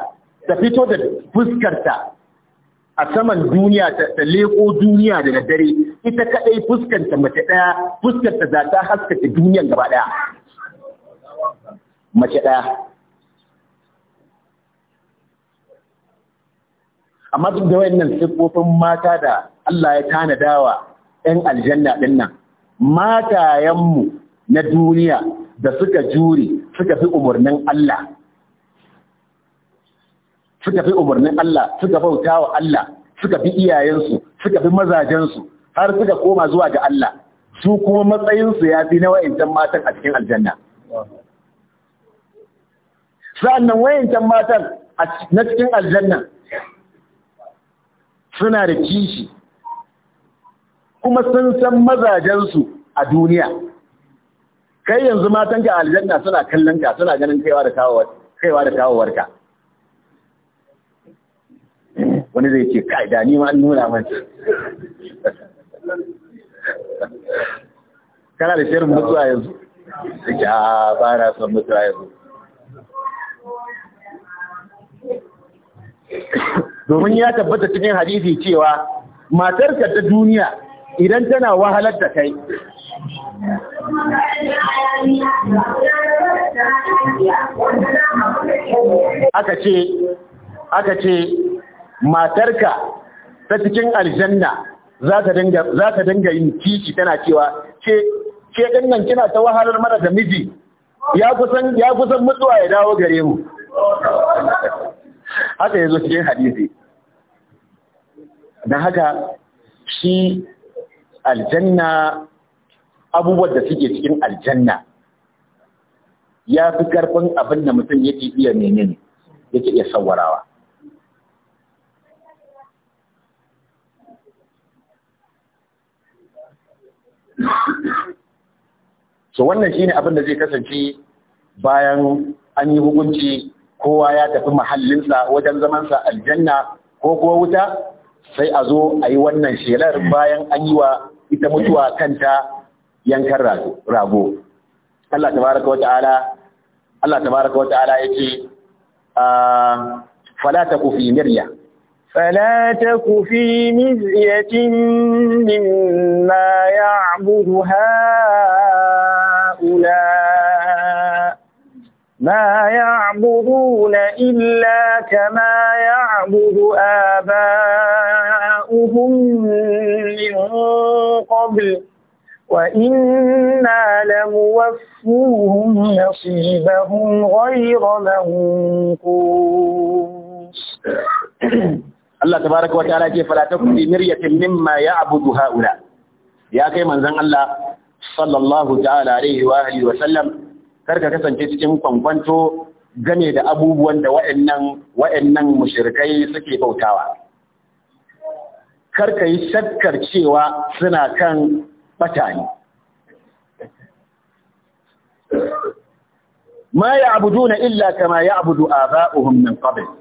ta fito da fuskarta a saman duniya ta leko duniya da dare, ita kaɗai fuskanta mace ɗaya fuskanta za ta haskaka duniyan gaba ɗaya mace ɗaya. amma duk da wayannan siffofin mata da Allah ya tanadawa ɗan aljanna ɗin nan matayenmu na duniya da suka jure suka fi umarnin Allah suka fi umarnin Allah suka bauta wa Allah suka fi iyayensu suka fi mazajensu har suka koma zuwa ga Allah su kuma matsayinsu ya fi na wa'incan matan a cikin aljanna sa'annan wa'incan matan na cikin aljanna suna da kishi kuma sun san mazajensu a duniya kai yanzu matan ga aljanna suna kallon ka suna ganin kaiwa da kawowarka wani zai ce ka'ida da ni ma an nuna mace kana da shirin mutuwa yanzu suke ba na son mutuwa yanzu domin ya tabbata cikin hadisi cewa matarka ta duniya idan tana wahalar da kai aka ce aka ce matarka ta cikin aljanna za ka dinga yin kici tana cewa ce ce nan kina ta wahalar mara da miji ya kusan ya kusan mutuwa ya dawo gare mu haka yazo cikin hadisi dan haka shi aljanna abubuwan da suke cikin aljanna ya fi karfin abin da mutum yake iya menene yake iya sawarawa so wannan shine abin da zai kasance bayan an yi hukunci kowa ya tafi mahallinsa wajen zamansa aljanna ko kuwa wuta sai a zo a yi wannan shelar bayan an yi wa ita mutuwa kanta yankan rago Allah tabaraka wa ta'ala Allah tabaraka wa ta'ala yake ah, fala taku fi miryar فلا تك في مزية مما يعبد هؤلاء ما يعبدون إلا كما يعبد آباؤهم من قبل وإنا لموفوهم نصيبهم غير منقوص Allah tabaraka wa ta'ala ce fala takum bi miryatin mimma ya'budu haula ya kai manzon Allah sallallahu ta'ala alaihi wa alihi wa sallam karka kasance cikin kwankwanto game da abubuwan da wa'annan wa'annan mushrikai suke bautawa karka yi shakkar cewa suna kan batani ma ya'buduna illa kama ya'budu aba'uhum min qabl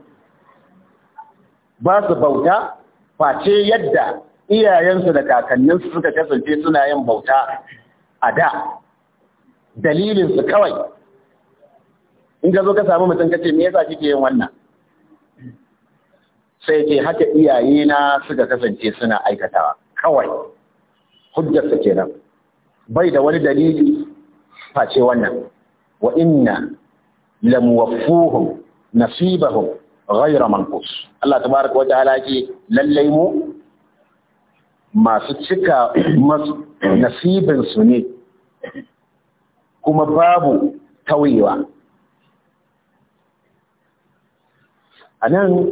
ba su bauta face yadda iyayensu da kakanninsu suka kasance suna yin bauta a da dalilinsu kawai in ka zo ka samu mutum ce me yasa kike yin wannan sai ke haka iyayena suka kasance suna aikatawa kawai hujjar ke kenan bai da wani dalili face wannan wa inna lamuwaffuhum nasibahum غير manqus Allah تبارك وتعالى ta'ala ce lallai mu masu cika masu nasibin su ne kuma babu tauyewa a nan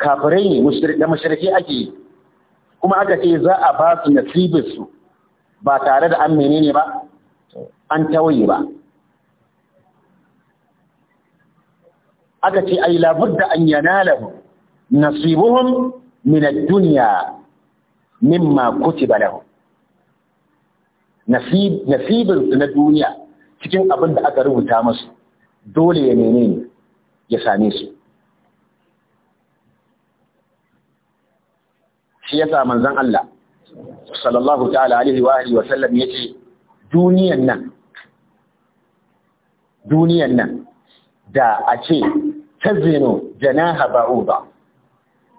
kafirai da mashirki ake kuma aka ce za a ba ba tare da an menene ba an tawaye ba aka ce ai labudda an yanalahu nasibuhum min nasibin su na duniya cikin abin da aka rubuta masu, dole ya menene ya same su shi yasa manzon Allah sallallahu ta'ala alaihi wa alihi sallam yace duniyan nan duniyan nan da a ce tazinu janaha ba'uda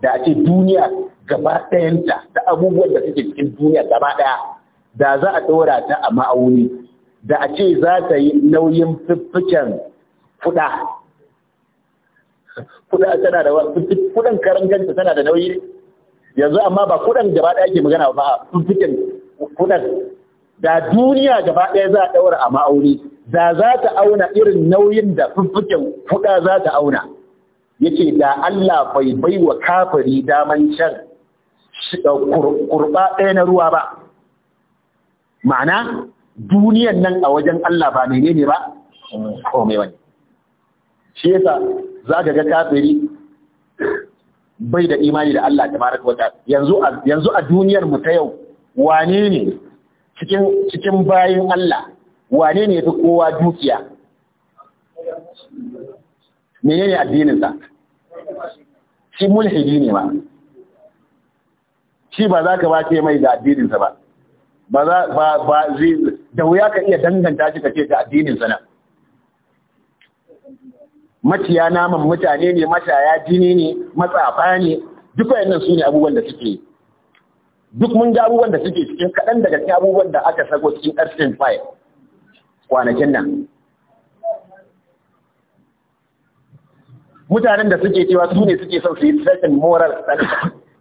da a ce duniya gaba ɗayanta da abubuwan da suke cikin duniya gaba ɗaya da za a ɗora ta a ma'auni da a ce za ta yi nauyin fiffiken fuɗa kuɗa tana da kuɗin karan tana da nauyi yanzu amma ba kuɗin gaba ɗaya ke magana ba fiffiken kuɗin da duniya gaba ɗaya za a ɗaura a ma'auni da za ta auna irin nauyin da fuffuken kuɗa za ta auna yake da Allah bai bai wa kafiri daman shan uh, kurba ɗaya na ruwa ba ma'ana duniyan nan a wajen Allah ba menene ba komai wani shi yasa za ka ga kafiri bai da imani da Allah tabaraka wata yanzu a yanzu a duniyar mu ta yau wane ne cikin bayan Allah wane ne fi kowa dukiya menene addininsa shi mulhidi ne ma shi ba za ka ba ce mai da addininsa ba ba za ba ba zai da wuya ka iya danganta shi ka ce da addininsa na? maciya naman mutane ne mataya jini ne matsafa ne duk wayannan su ne abubuwan da suke duk mun ga abubuwan da suke cikin kaɗan daga cikin abubuwan da aka sako cikin ƙarfin fayil kwanakin nan mutanen da suke cewa su ne suke son su yi moral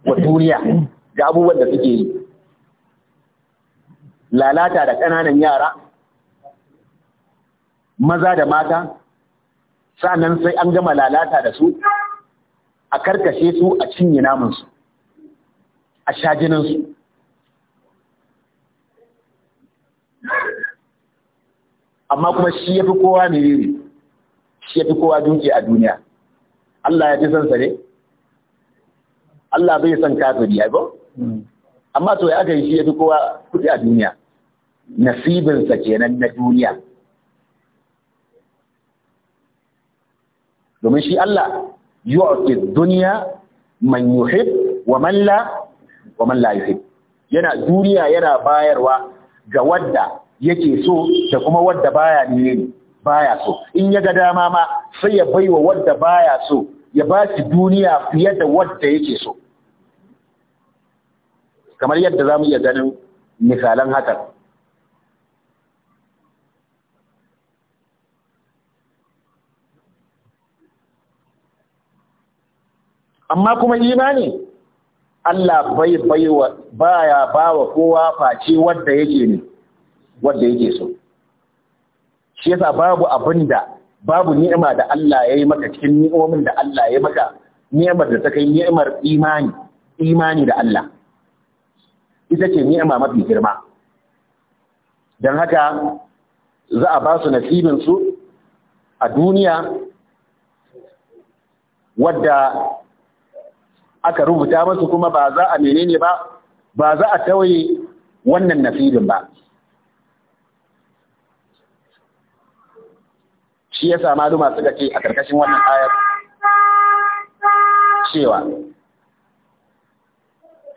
wa duniya ga abubuwan da suke yi lalata da ƙananan yara maza da mata sa'annan sai an gama lalata da su a karkashe su a cinye namansu a sha jininsu amma kuma shi ya fi kowa riri. shi ya fi kowa duke a duniya Allah ya fi son sa ne Allah bai son kafiri ai ba amma to ya aka yi shi fi kowa kuɗi a duniya nasibinsa kenan na duniya domin shi Allah yu'ti dunya man yuhib wa man la wa man la yuhib yana duniya yana bayarwa ga wadda yake so da kuma wadda baya ne baya so in ya ga dama ma sai ya baiwa wadda baya so ya ba shi duniya fiye da wadda yake so kamar yadda za mu iya ganin misalan haka amma kuma imani Allah bai baiwa baya bawa kowa face wadda yake ne wanda yake so shi yasa babu abin babu ni'ima da Allah ya yi maka cikin ni'imomin da Allah ya maka ni'imar da ta kai ni'imar imani imani da Allah ita ce ni'ima mafi girma don haka za a ba su nasibinsu a duniya wadda aka rubuta masu kuma ba za a menene ba ba za a tawaye wannan nasibin ba shi yasa maluma suka ce a karkashin wannan ayar cewa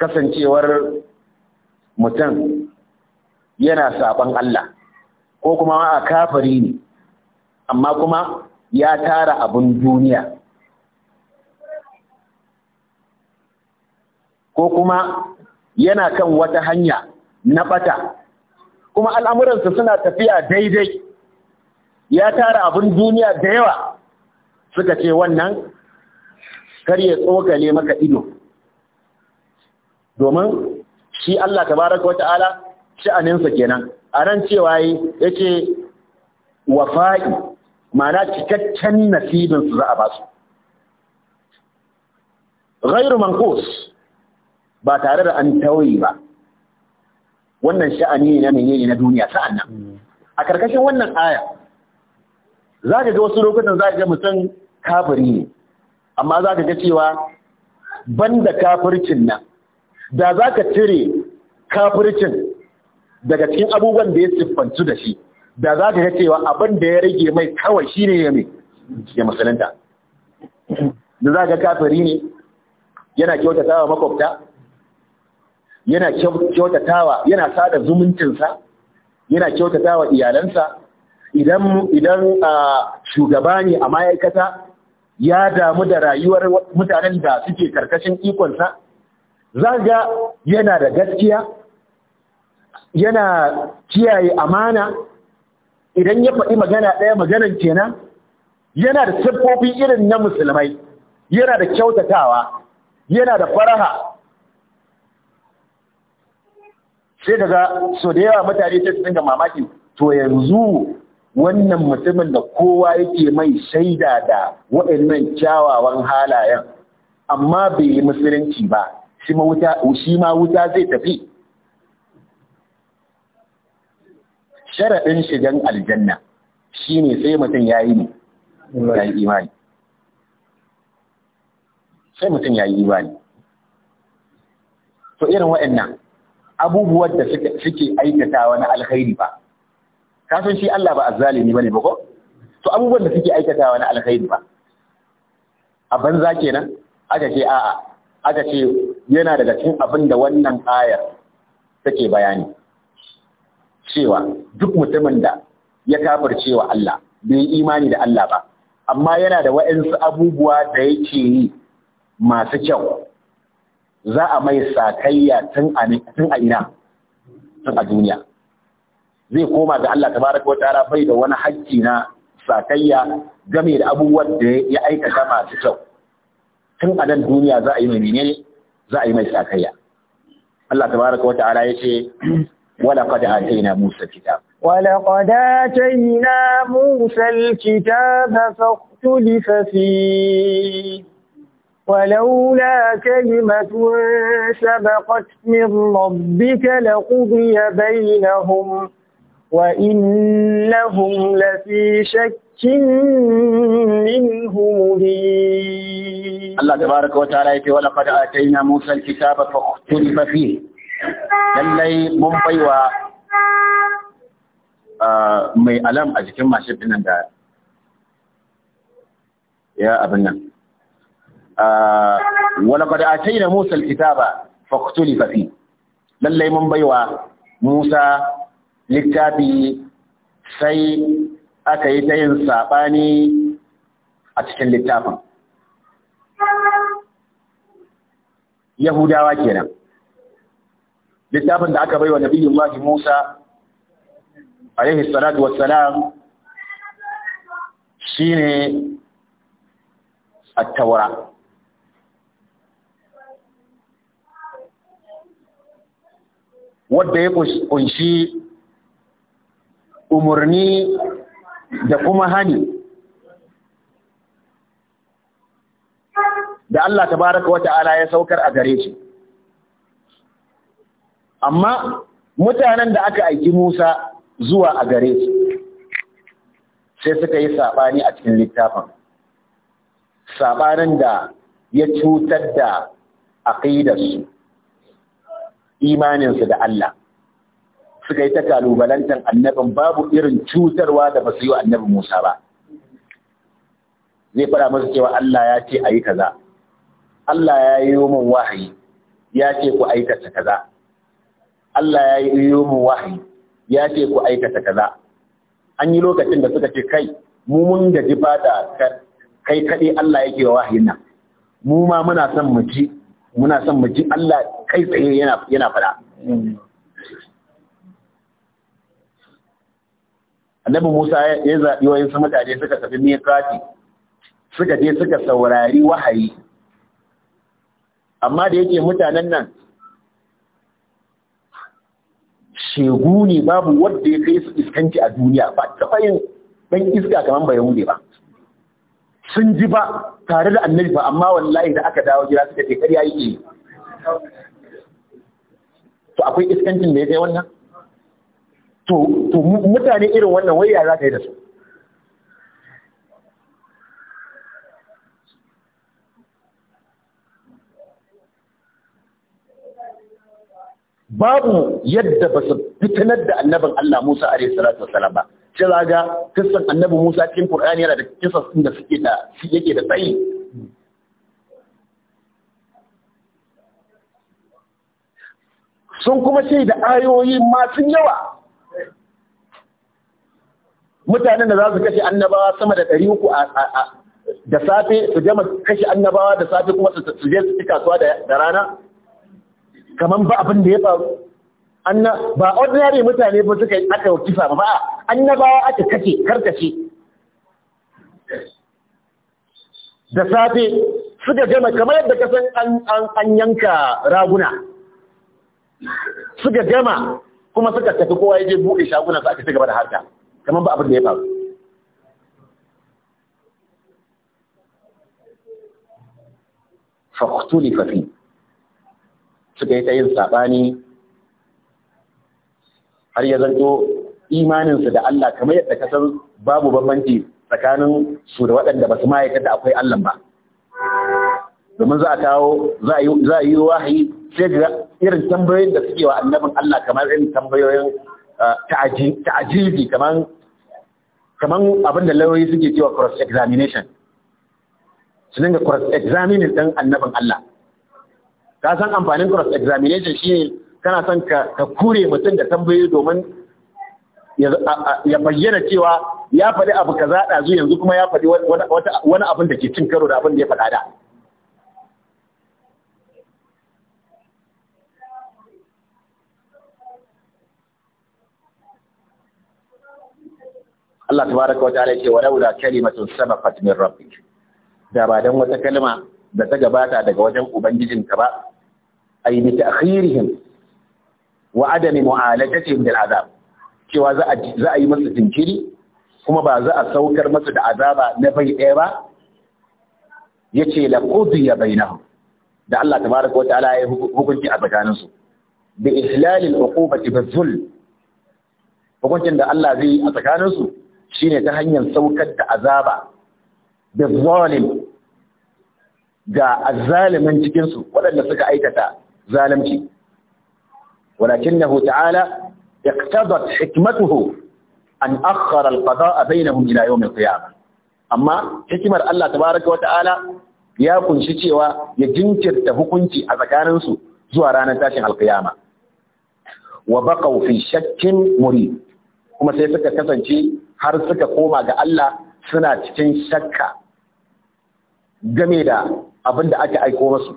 kasancewar mutum yana saban Allah ko kuma a kafari ne amma kuma ya tara abin duniya ko kuma yana kan wata hanya na bata kuma al'amuransa suna tafiya daidai ya tara abin duniya da yawa suka ce wannan karye tsokale maka ido domin shi Allah tabaraka wata'ala sha'aninsa kenan a nan cewa yake wafa'i ma'ana cikakken nasibinsu za a ba su ghairu ba tare da an tawayi ba wannan sha'ani ne na menene na duniya sa'annan hmm. a karkashin wannan aya za ka ga wasu lokutan za ka ga mutum kafiri ne amma za ka ga cewa banda kafircin nan da za ka cire kafircin daga cikin abubuwan da ya siffantu da shi da za ka ga cewa abin da ya rage mai kawai shi ne ya mai ya musulunta da za ka kafiri ne yana kyautatawa makwabta yana kyautatawa yana sada zumuncinsa yana kyautatawa iyalansa idan idan shugaba ne a ma'aikata ya damu da rayuwar mutanen da suke karkashin ikonsa za ga yana da gaskiya yana kiyaye amana idan ya faɗi magana ɗaya maganan kenan yana da siffofi irin na musulmai yana da kyautatawa yana da faraha sai daga so da yawa mutane ta dinga mamaki to yanzu wannan mutumin da kowa yake mai shaida da waɗannan kyawawan halayen amma bai yi musulunci ba shi ma wuta zai tafi sharaɗin shigan aljanna shi ne sai mutum ya yi ne ya yi imani sai mutum ya yi imani to irin waɗannan abubuwan da suke aikata wani alkhairi ba Kafin shi Allah ba azzalimi bane ba ko to abubuwan da suke aikatawa na alkhairi ba a banza kenan aka ce a'a aka ce yana daga cikin abin da wannan ayar take bayani cewa duk mutumin da ya kafircewa Allah bai imani da Allah ba amma yana da waɗansu abubuwa da yake yi masu kyau za a mai sakayya tun a ina tun a duniya zai koma ga Allah tabaraka wataala bai da wani hakki na sakayya game da abubuwan da ya aikata masu kyau tun a nan duniya za a yi mai menene za a yi mai sakayya Allah tabaraka wataala yace ولقد آتينا موسى الكتاب ولقد آتينا موسى الكتاب فاختلف فيه ولولا كلمة سبقت من ربك لقضي بينهم وإنهم لفي شك منه مبين الله تبارك وتعالى ولقد آتينا موسى الكتاب فاختلف فيه lallai mun baiwa mai alam a jikin mashin dinan da ya abin nan ولقد آتينا موسى الكتاب فاختلف فيه للي من بيوا موسى littafi sai aka yi ta yin saɓani a cikin littafin. Yahudawa kenan. Littafin da aka bai wa Nabiyyun Wahi Musa, alaihi salatu wassalam, shi ne a taura. Wadda ya ƙunshi umarni da kuma hani da Allah ta baraka wata ala ya saukar a gare shi amma mutanen da aka aiki Musa zuwa a gare shi sai suka yi saɓani a cikin littafin saɓanin da ya cutar da aqidarsu imaninsu da Allah suka yi ta kalubalantar annabin babu irin cutarwa da ba su yi wa annabi Musa ba. Zai fara masu cewa Allah ya ce a yi kaza, Allah ya yi yomin wahayi ya ce ku aikata kaza, Allah ya yi yomin wahayi ya ce ku aikata kaza. An yi lokacin da suka ce kai, mu mun gaji fata kai kaɗai Allah yake wa wahayin nan. Mu ma muna son mu ji, muna son mu ji Allah kai tsaye yana faɗa. Mm. annabi Musa ya zaɓi wa wayansu mutane suka tafi miƙati suka je suka saurari wahayi amma da yake mutanen nan shegu ne babu wanda ya kai su iskanci a duniya ba taɓa yin ɗan iska kamar bayan yahudi ba sun ji ba tare da annabi ba amma wallahi da aka dawo gida suka ce ƙarya yake to akwai iskancin da ya kai wannan to mutane irin wannan wai ya za ka yi da su babu yadda ba su fitanar da annabin Allah Musa alaihi salatu wasalam ba za zaga kisan annabi Musa cikin Kur'ani yana da kissan din da suke da su yake da tsayi sun kuma ce da ayoyi masu yawa mutanen da za su kashe annabawa sama da ɗari uku da safe su gama kashe annabawa da safe kuma su je su ci kasuwa da rana kamar ba abin da ya faru ba ordinary mutane ba suka aka kisa ba annabawa aka kashe karkashe da safe suka gama kamar yadda kasan an yanka raguna suka gama kuma suka tafi kowa ya je buɗe shaguna su aka ci gaba da harka kamar ba abin da ya faru faktuli fafi suka yi ta yin saɓani har ya zanto imaninsu da Allah kamar yadda ka san babu bambanci tsakanin su da waɗanda ba su ma'aikata akwai Allah ba domin za a kawo za a yi wahayi sai ga irin tambayoyin da suke wa annabin Allah kamar irin tambayoyin ah, ta'ajibi kamar kamar abin da lauyoyi suke cewa cross examination su dinga cross examining ɗan annabin Allah ka san amfanin cross examination shi ne kana son ka kure mutum da tambayi domin ya bayyana cewa ya faɗi abu zaɗa zu yanzu kuma ya faɗi wani abin da ke cin karo da abin da ya faɗa da Allah tabaraka wa ta'ala ce walaula kalimatun sabaqat min rabbik da ba dan wata kalma da ta gabata daga wajen ubangijinka ba ay bi ta'khirihim wa adami mu'alajatihim bil azab cewa za a za a yi musu jinkiri kuma ba za a saukar musu da azaba na bai ɗaya ba yace la qudiya bainahum da Allah tabaraka wa ta'ala ya hukunci a tsakaninsu bi ihlalil uqubati bizul hukuncin da Allah zai yi a tsakaninsu shine ta hanyar saukar da azaba da zalim ga azalimin cikinsu waɗanda suka aikata zalimci ولكنه تعالى اقتضت حكمته أن a baina بينهم yau mai القيامة amma hikimar Allah baraka wata'ala ya kunshi cewa ya jinkirta hukunci a tsakaninsu zuwa ranar tashin alkiyama wa baqaw shakkin muri kuma sai suka kasance har suka koma ga Allah suna cikin shakka game da abin da aka aiko masu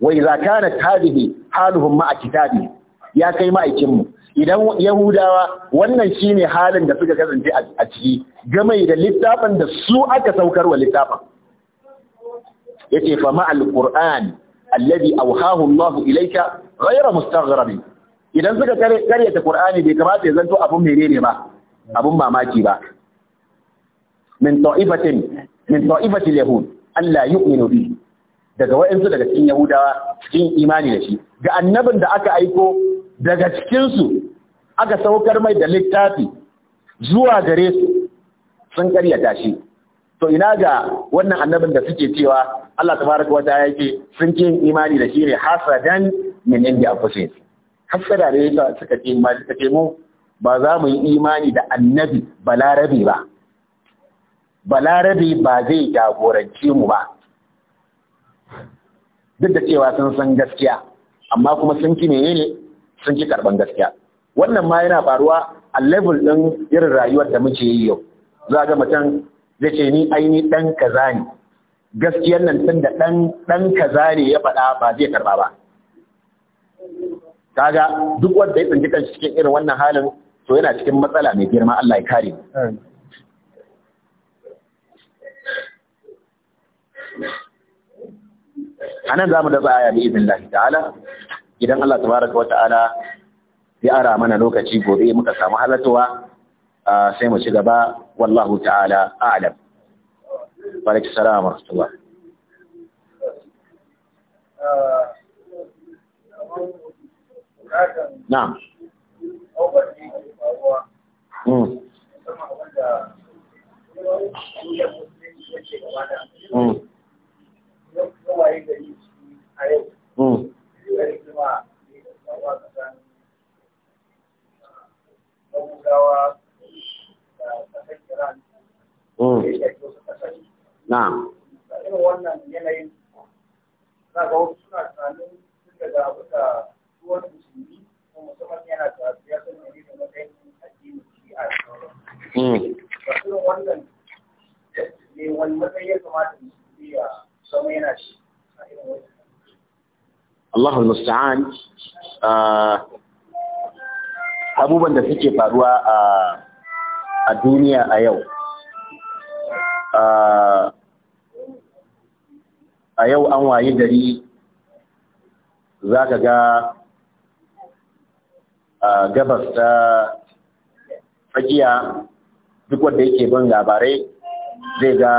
wai Zakana kanat hadhihi haluhum ma'a kitabi ya kai ma'aikinmu. idan yahudawa wannan shine halin da suka kasance a ciki game da littafin da su aka saukar wa littafin yace fama ma'al qur'an alladhi awhahu ilaika, ilayka ghayra mustaghrib idan suka karyata Kur'ani, bai kamata ya zanto mere ne ba abin mamaki ba min ta'ifatin min yahud Allah yu'minu bi daga wayansu daga cikin yahudawa cikin imani da shi ga annabin da aka aiko daga cikinsu aka saukar mai da littafi zuwa gare su sun karyata shi to ina ga wannan annabin da suke cewa Allah tabaraka wa ta'ala yake sun kin imani da shi ne hasadan min inda su hassada da suka ce ma suka ce mu ba za mu yi imani da annabi Balarabi ba Balarabi ba zai jagorance mu ba duk da cewa sun san gaskiya amma kuma sun ki menene sun ki karban gaskiya wannan ma yana faruwa a level din irin rayuwar da muke yi yau za ga mutum zai ce ni aini dan kaza ne gaskiyar nan tun da dan dan kaza ne ya faɗa ba zai karba ba kaga duk wanda ya tsinci kanshi cikin irin wannan halin to yana cikin matsala mai girma Allah ya kare a nan za mu da tsaya bi izin Allah ta'ala idan Allah tabaraka wa ta'ala ya ara mana lokaci gobe muka samu halatuwa sai mu ci gaba wallahu ta'ala a'lam wa alaikum salam wa rahmatullah uh, Não. yake faruwa a duniya a yau a yau an waye gari za ka ga gabas ta tsakiya duk wanda yake bin labarai zai ga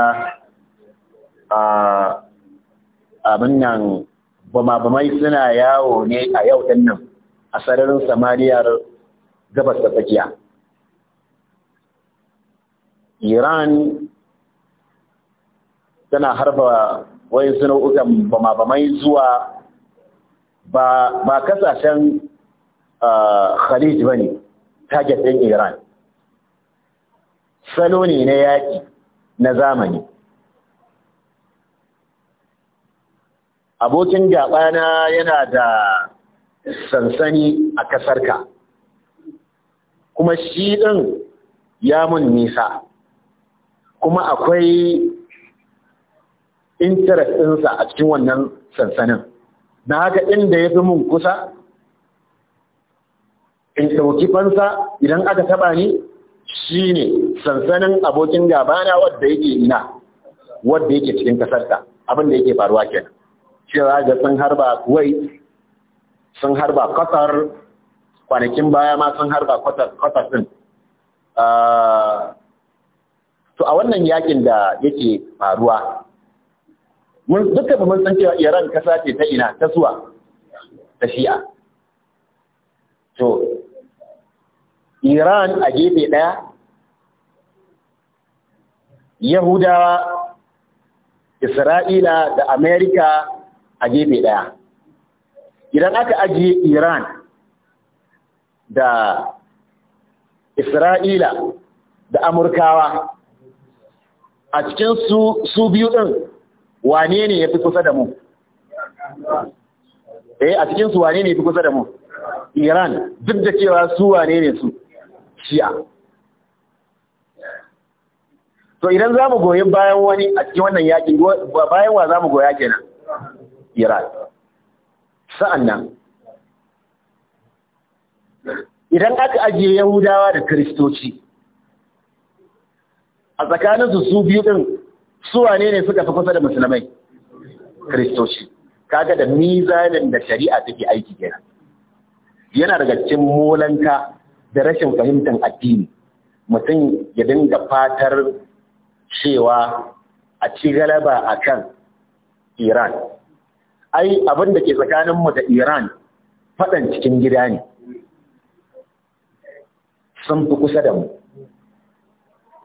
abin nan bama-bamai suna yawo ne a yau ɗin a sararin samariyar gabas da tsakiya iran tana harba wayan suna bama-bamai zuwa ba kasashen khalid ba ne target iran salo ne na yaƙi na zamani abokin gaɓana yana da sansani a ƙasarka kuma shi ɗin ya mun nisa kuma akwai interest ɗinsa a cikin wannan sansanin na haka inda ya fi mun kusa in ɗauki fansa idan aka taɓa ni shi ne sansanin abokin gabana wadda yake ina wadda yake cikin kasarta abinda yake faruwa kenan cewa ga sun harba kuwait sun harba kasar kwanakin baya ma sun harba kwatas ɗin ah, to a wannan yakin da yake faruwa duka mun san cewa iran kasa ce ta ina ta suwa ta shi'a to iran a gefe ɗaya yahudawa isra'ila da amerika a gefe ɗaya idan aka ajiye iran da Isra'ila da Amurkawa a cikin su biyu ɗin wane ne ya fi kusa da mu? Eh a cikin su wane ne ya fi kusa da mu? Iran duk da cewa su wane ne su? Shi'a. To idan za mu goyi bayan wani a cikin wannan yaƙi bayan wa za mu goya kenan? Iran. Sa'an nan, idan aka ajiye yahudawa da kiristoci a tsakaninsu su biyu ɗin suwa ne suka fi kusa da musulmai kiristoci kaga da mizanin da shari'a take aiki gina yana daga cikin molanka da rashin fahimtar addini mutum ya dinga fatar cewa a ci galaba a kan iran ai abin da ke tsakaninmu da iran faɗan cikin gida ne sun fi kusa da mu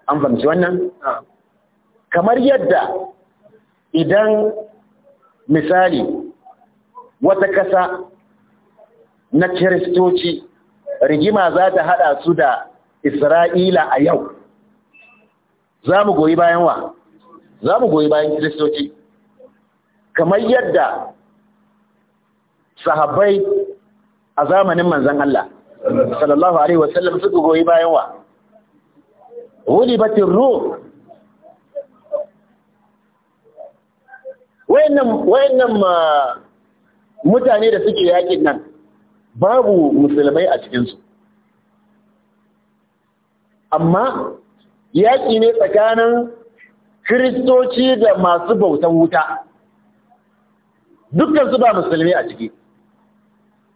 an fahimci wannan kamar yadda idan misali wata ƙasa na kiristoci rigima za ta haɗa su da isra'ila a yau za mu goyi bayan wa za mu goyi bayan kiristoci kamar yadda sahabbai a zamanin manzan Allah sallallahu alaihi wasallam suka goyi bayan wa batir ruh wayannan wayannan mutane da suke yakin nan babu musulmai a cikinsu amma yaƙi ne tsakanin kiristoci da masu bautan wuta dukkan su ba musulmi a ciki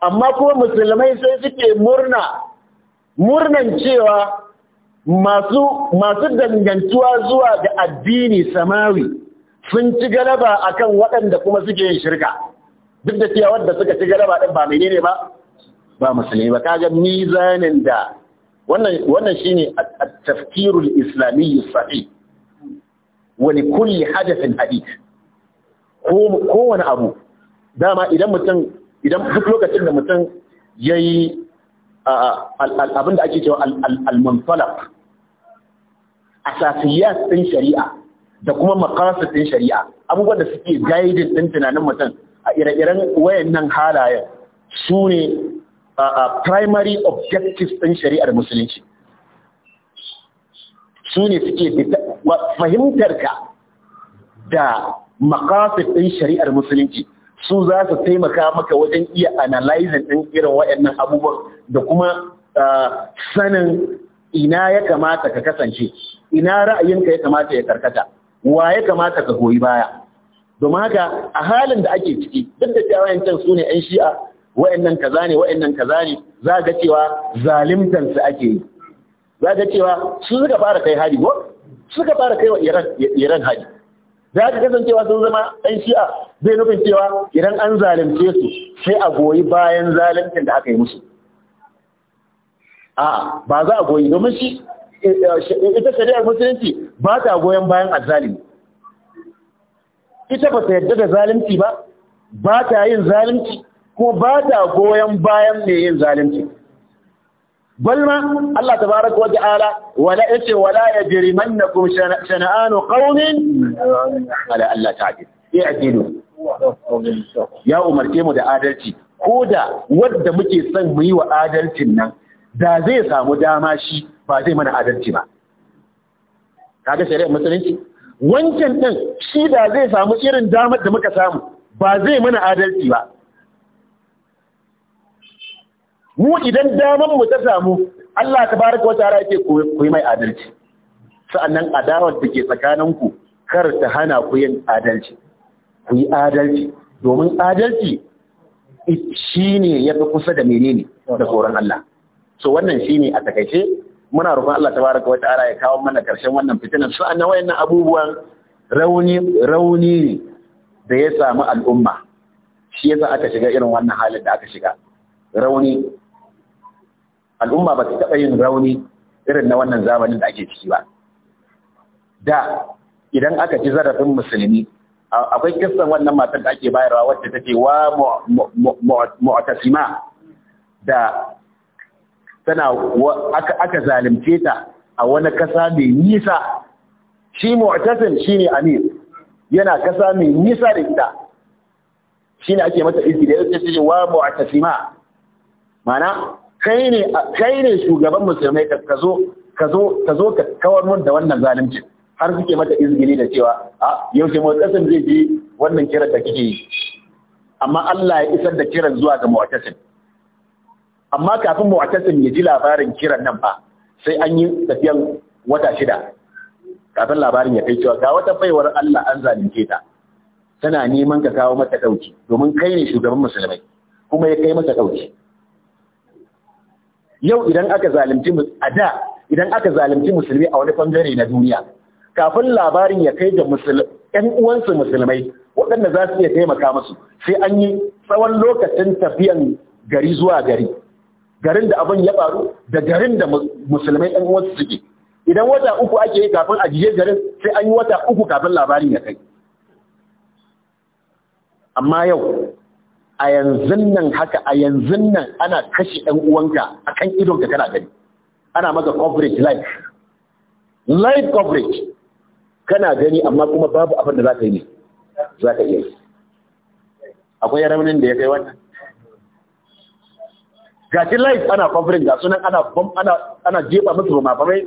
amma kuma musulmai sai suke murna murnan cewa masu dangantuwa zuwa ga addini samawi sun ci galaba akan waɗanda kuma suke yin shirka duk da cewa wanda suka ci galaba din ba menene ba ba musulmi ba kaga mizanin da wannan wannan shine at-tafkirul islamiyyu sahih wa kulli hadith ko wani abu dama idan mutum idan duk lokacin da mutum ya yi abinda ake cewa al a asasiyat ɗin shari'a da kuma makarasa ɗin shari'a abubuwan da suke gaidin ɗin tunanin mutum a ire-iren wayan nan halayen su ne primary objectives ɗin shari'ar musulunci su ne suke fahimtarka da makasid ɗin shari'ar musulunci su za su taimaka maka wajen iya analyzing ɗin irin waɗannan abubuwan da kuma ah, sanin ina ya kamata ka kasance ina ra'ayinka ya kamata ya karkata wa ya kamata ka goyi baya domin haka a halin da ake ciki duk da cewa yancan su ne 'yan shi'a wa'annan kaza ne wa'annan kaza ne za ga cewa zalimtan su ake yi za ga cewa su suka fara kai hari ko suka fara kai wa Iran hari da haka kasancewa sun zama ɗan shi'a zai nufin cewa idan an zalunce su sai a goyi bayan zaluncin da aka yi musu a'a ba za a goyi domin shi ita shari'ar musulunci ba ta goyon bayan azzalimi ita ba ta yadda da zalunci ba ba ta yin zalunci ko ba ta goyon bayan mai yin zalunci balma Allah tabaraka wa ta'ala wala yace wala yajrimannakum shana'anu qaumin ala Allah ta'dil i'tidu ya umarce mu da adalci ko da wanda muke son mu yi wa adalcin nan da zai samu dama shi ba zai mana adalci ba kaga shari'ar musulunci wancan din shi da zai samu irin damar da muka samu ba zai mana adalci ba mu idan damar mu ta samu Allah tabaraka wa ta'ala yake ke koyi mai adalci sa'annan adawar da ke tsakaninku kar ta hana ku yin adalci ku yi adalci domin adalci shine ya fi kusa da menene da tsoron Allah so wannan shine a takaice muna roƙon Allah tabaraka wa ta'ala ya kawo mana karshen wannan fitinar sa'annan wayannan abubuwan rauni rauni ne da ya samu al'umma shi yasa aka shiga irin wannan halin da aka shiga rauni al'umma ba ta taɓa yin rauni irin na wannan zamanin da ake ciki ba da idan aka ci zarafin musulmi akwai kistan wannan matar da ake bayarwa wacce ce wa mu'tasima da tana aka zalimce ta a wani kasa mai nisa shi shi ne amir yana kasa mai nisa da ita Shi ne ake mata izini da yake ce wa mu'tasima mana kai ne shugaban musulmai ka zo ka kawar da wannan zalunci har suke mata izgini da cewa a yaushe mu'tasim zai ji wannan kiran da kike yi amma Allah ya isar da kiran zuwa ga mu'tasim amma kafin mu'tasim ya ji labarin kiran nan fa sai an yi tafiyan wata shida kafin labarin ya kai cewa ga wata baiwar Allah an zalunce ta tana neman ka kawo mata dauki domin kai ne shugaban musulmai kuma ya kai mata dauki yau idan aka zalunci a da idan aka zalunci musulmi a wani bangare na duniya kafin labarin ya kai ga ‘yan uwansu musulmai waɗanda za su iya taimaka musu sai an yi tsawon lokacin tafiyan gari zuwa gari garin da abin ya faru da garin da musulmai ‘yan uwansu suke idan wata uku ake yi kafin a jiye garin sai an yi wata uku kafin labarin ya kai amma yau a yanzun nan haka a yanzun nan ana kashe ɗan uwanka a kan idonka kana gani ana maka coverage life life coverage kana gani amma kuma babu abin da za ka yi ne, za ka iya yi akwai raunin da ya kai wannan ga shi life ana coverage ga sunan ana ana ana jefa musu mai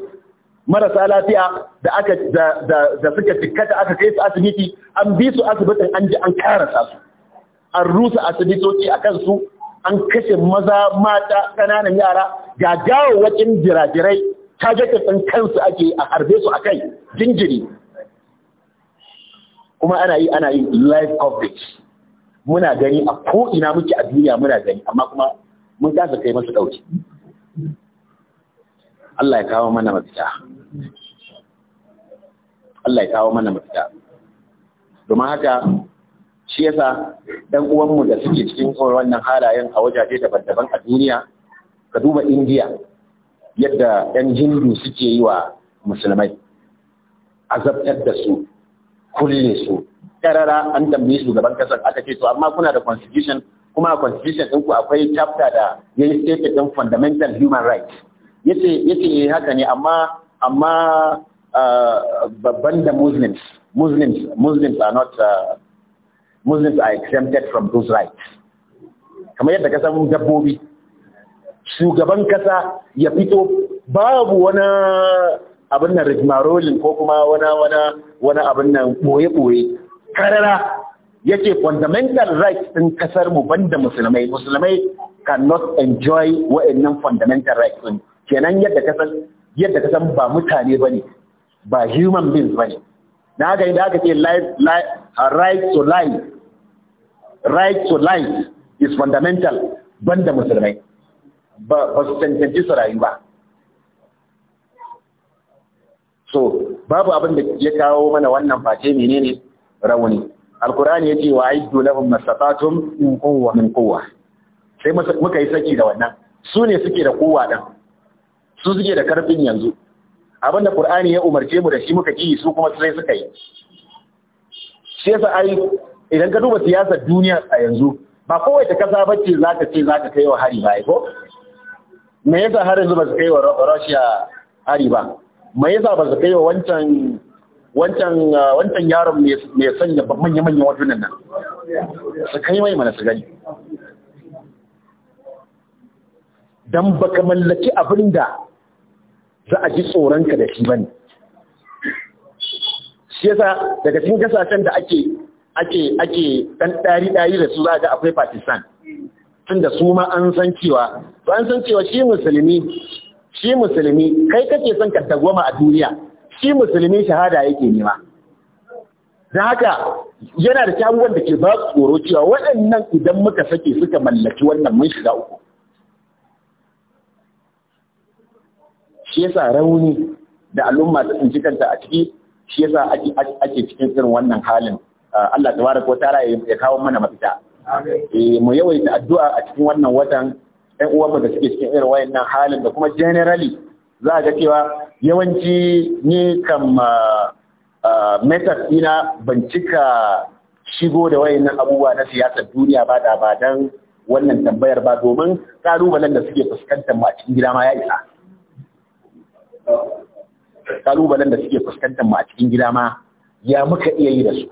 marasa lafiya da aka da da suka tikkata aka kai su asibiti an bi su asibitin an ji an karasa su an rusa asibitoci a kansu an kashe maza mata ƙananan yara ga gawawacin jirajirai ta tajakatsin kansu ake a harbe su a kai jinjiri kuma ana yi ana yi live coverage muna gani a ko'ina muke a duniya muna gani amma kuma mun kasa kai masu ɗauki Allah ya kawo mana mafita Allah ya kawo mana mafita domin haka shi yasa ɗan uwanmu da suke cikin wannan halayen a wajaje daban-daban a duniya ka duba indiya yadda 'yan hindu suke yi wa musulmai azabtar da su kulle su ƙarara an tambaye shugaban ƙasar aka ce to amma kuna da constitution kuma a constitution ɗinku akwai chapter da ya yi state ɗin fundamental human rights ya ce eh, haka ne amma amma ah, babban da muslims muslims muslims are not ah, Muslims are exempted from those rights. Kamar yadda ka mun dabbobi, shugaban kasa ya fito babu wani abin nan rigmarolin ko kuma wani wana abin nan ɓoye-ɓoye. Karara ya fundamental rights ɗin kasar mu banda musulmai, musulmai cannot enjoy wa'annan fundamental rights ɗin. Kenan yadda kasan yadda ka ba mutane ba ne ba human beings ba ne na ga yadda aka ce right to life right to life is fundamental banda musulmai ba su cancanci su rayu ba so babu abin da ya kawo mana wannan face menene rauni alkurani yace wa aiddu lahum masafatum min quwwa min quwwa sai muka yi saki da wannan su ne suke da kowa dan su suke da karfin yanzu abinda qur'ani ya umarce mu da shi muka ƙi su kuma sai suka yi sai sa ai idan ka duba siyasar duniya a yanzu ba kowace kasa bace za ka ce za ka kai wa hari ba ko me yasa har yanzu ba su kai wa Russia hari ba me yasa ba su kai wa wancan wancan ah, wancan yaron mai sanya manya manyan wadunan nan su kai mai mana su gani dan ka mallaki abin da za a ji tsoronka da shi bane shi yasa daga cikin kasashen da ake ake ake dan dari dari da su za ga akwai Pakistan tun da su ma an san cewa to an san cewa shi musulmi shi musulmi kai kake son ka tagwama a duniya shi musulmi shahada yake nema da haka yana da kyawun da ke ba su tsoro cewa waɗannan idan muka sake suka mallaki wannan mun shiga uku shi yasa rauni da al'umma ta tsinci kanta a ciki shi yasa ake cikin irin wannan halin Allah tabaraka ko tara ya kawo mana mafita eh mu yawaita addu'a a cikin wannan watan 'yan uwanmu da suke cikin irin wayannan halin da kuma generally za ga cewa yawanci ni kam ah, ah, metas ina ban cika shigo da wayannan abubuwa na siyasar duniya ba da ba don wannan tambayar ba domin kalubalen da suke fuskantar mu a cikin gida ma ya isa kalubalen da suke fuskantar mu a cikin gida ma ya muka iya yi da su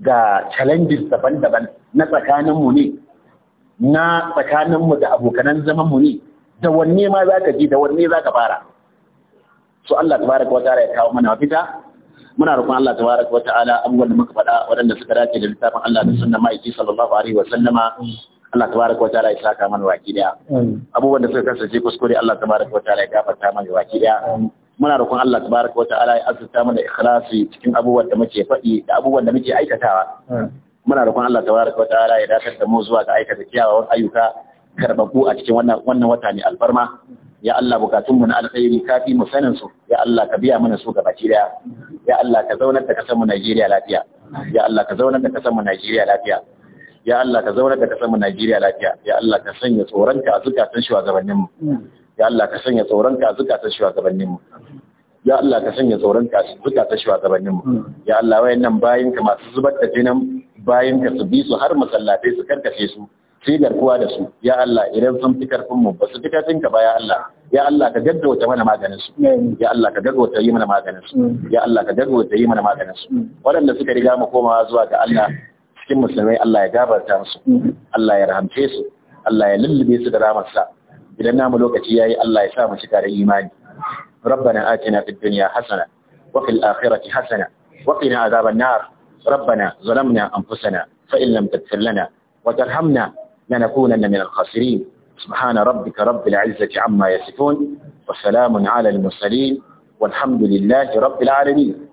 ga challenges daban-daban na tsakaninmu ne na tsakaninmu da abokanan zamanmu ne da wanne ma za ka ji da wanne za ka fara so Allah tabaraka wa ta'ala ya kawo mana mafita muna rukun Allah tabaraka wa ta'ala abubuwan da muka faɗa waɗanda suka dace da littafin Allah da sunnar ma'aiki sallallahu alaihi wa sallama Allah tabaraka wa ta'ala ya saka mana waki daya abubuwan da suka kasance kuskure Allah tabaraka wa ta'ala ya gafarta mana waki daya muna roƙon Allah tabaraka wa ta'ala ya azurta mana ikhlasi cikin abubuwan da muke faɗi da abubuwan da muke aikatawa muna roƙon Allah tabaraka wa ta'ala ya dakatar da mu zuwa ga aikata kiyawawan ayyuka karbabu a cikin wannan wannan wata ne alfarma ya Allah bukatun mu na alkhairi ka mu sanin su ya Allah ka biya mana su gabaci daya ya Allah ka zaunar da kasar mu Najeriya lafiya ya Allah ka zaunar da kasar mu Najeriya lafiya ya Allah ka zaunar da kasar mu Najeriya lafiya ya Allah ka sanya tsoronka a zukatan shugabannin mu ya Allah ka sanya tsoron ka zukatan shugabannin mu ya Allah ka sanya tsoron ka zukatan shugabannin mu ya Allah wayannan bayin ka masu zubar da jinan bayin ka su bi su har masallatai su karkace su sai garkuwa da su ya Allah idan sun fi karfin mu ba su fi karfin ka ba ya Allah ya Allah ka gaggauta mana maganin su ya Allah ka gaggauta yi mana maganin su ya Allah ka gaggauta yi mana maganin su waɗanda suka riga mu komawa zuwa ga Allah cikin musulmai Allah ya gabarta musu Allah ya rahamce su Allah ya lullube su da ramarsa idan namu lokaci yayi Allah ya sa mu cika da imani ربنا آتنا في الدنيا حسنة وفي الآخرة حسنة وقنا عذاب النار ربنا ظلمنا أنفسنا فإن لم تغفر لنا وترحمنا لنكونن من الخاسرين سبحان ربك رب العزة عما يصفون وسلام على المرسلين والحمد لله رب العالمين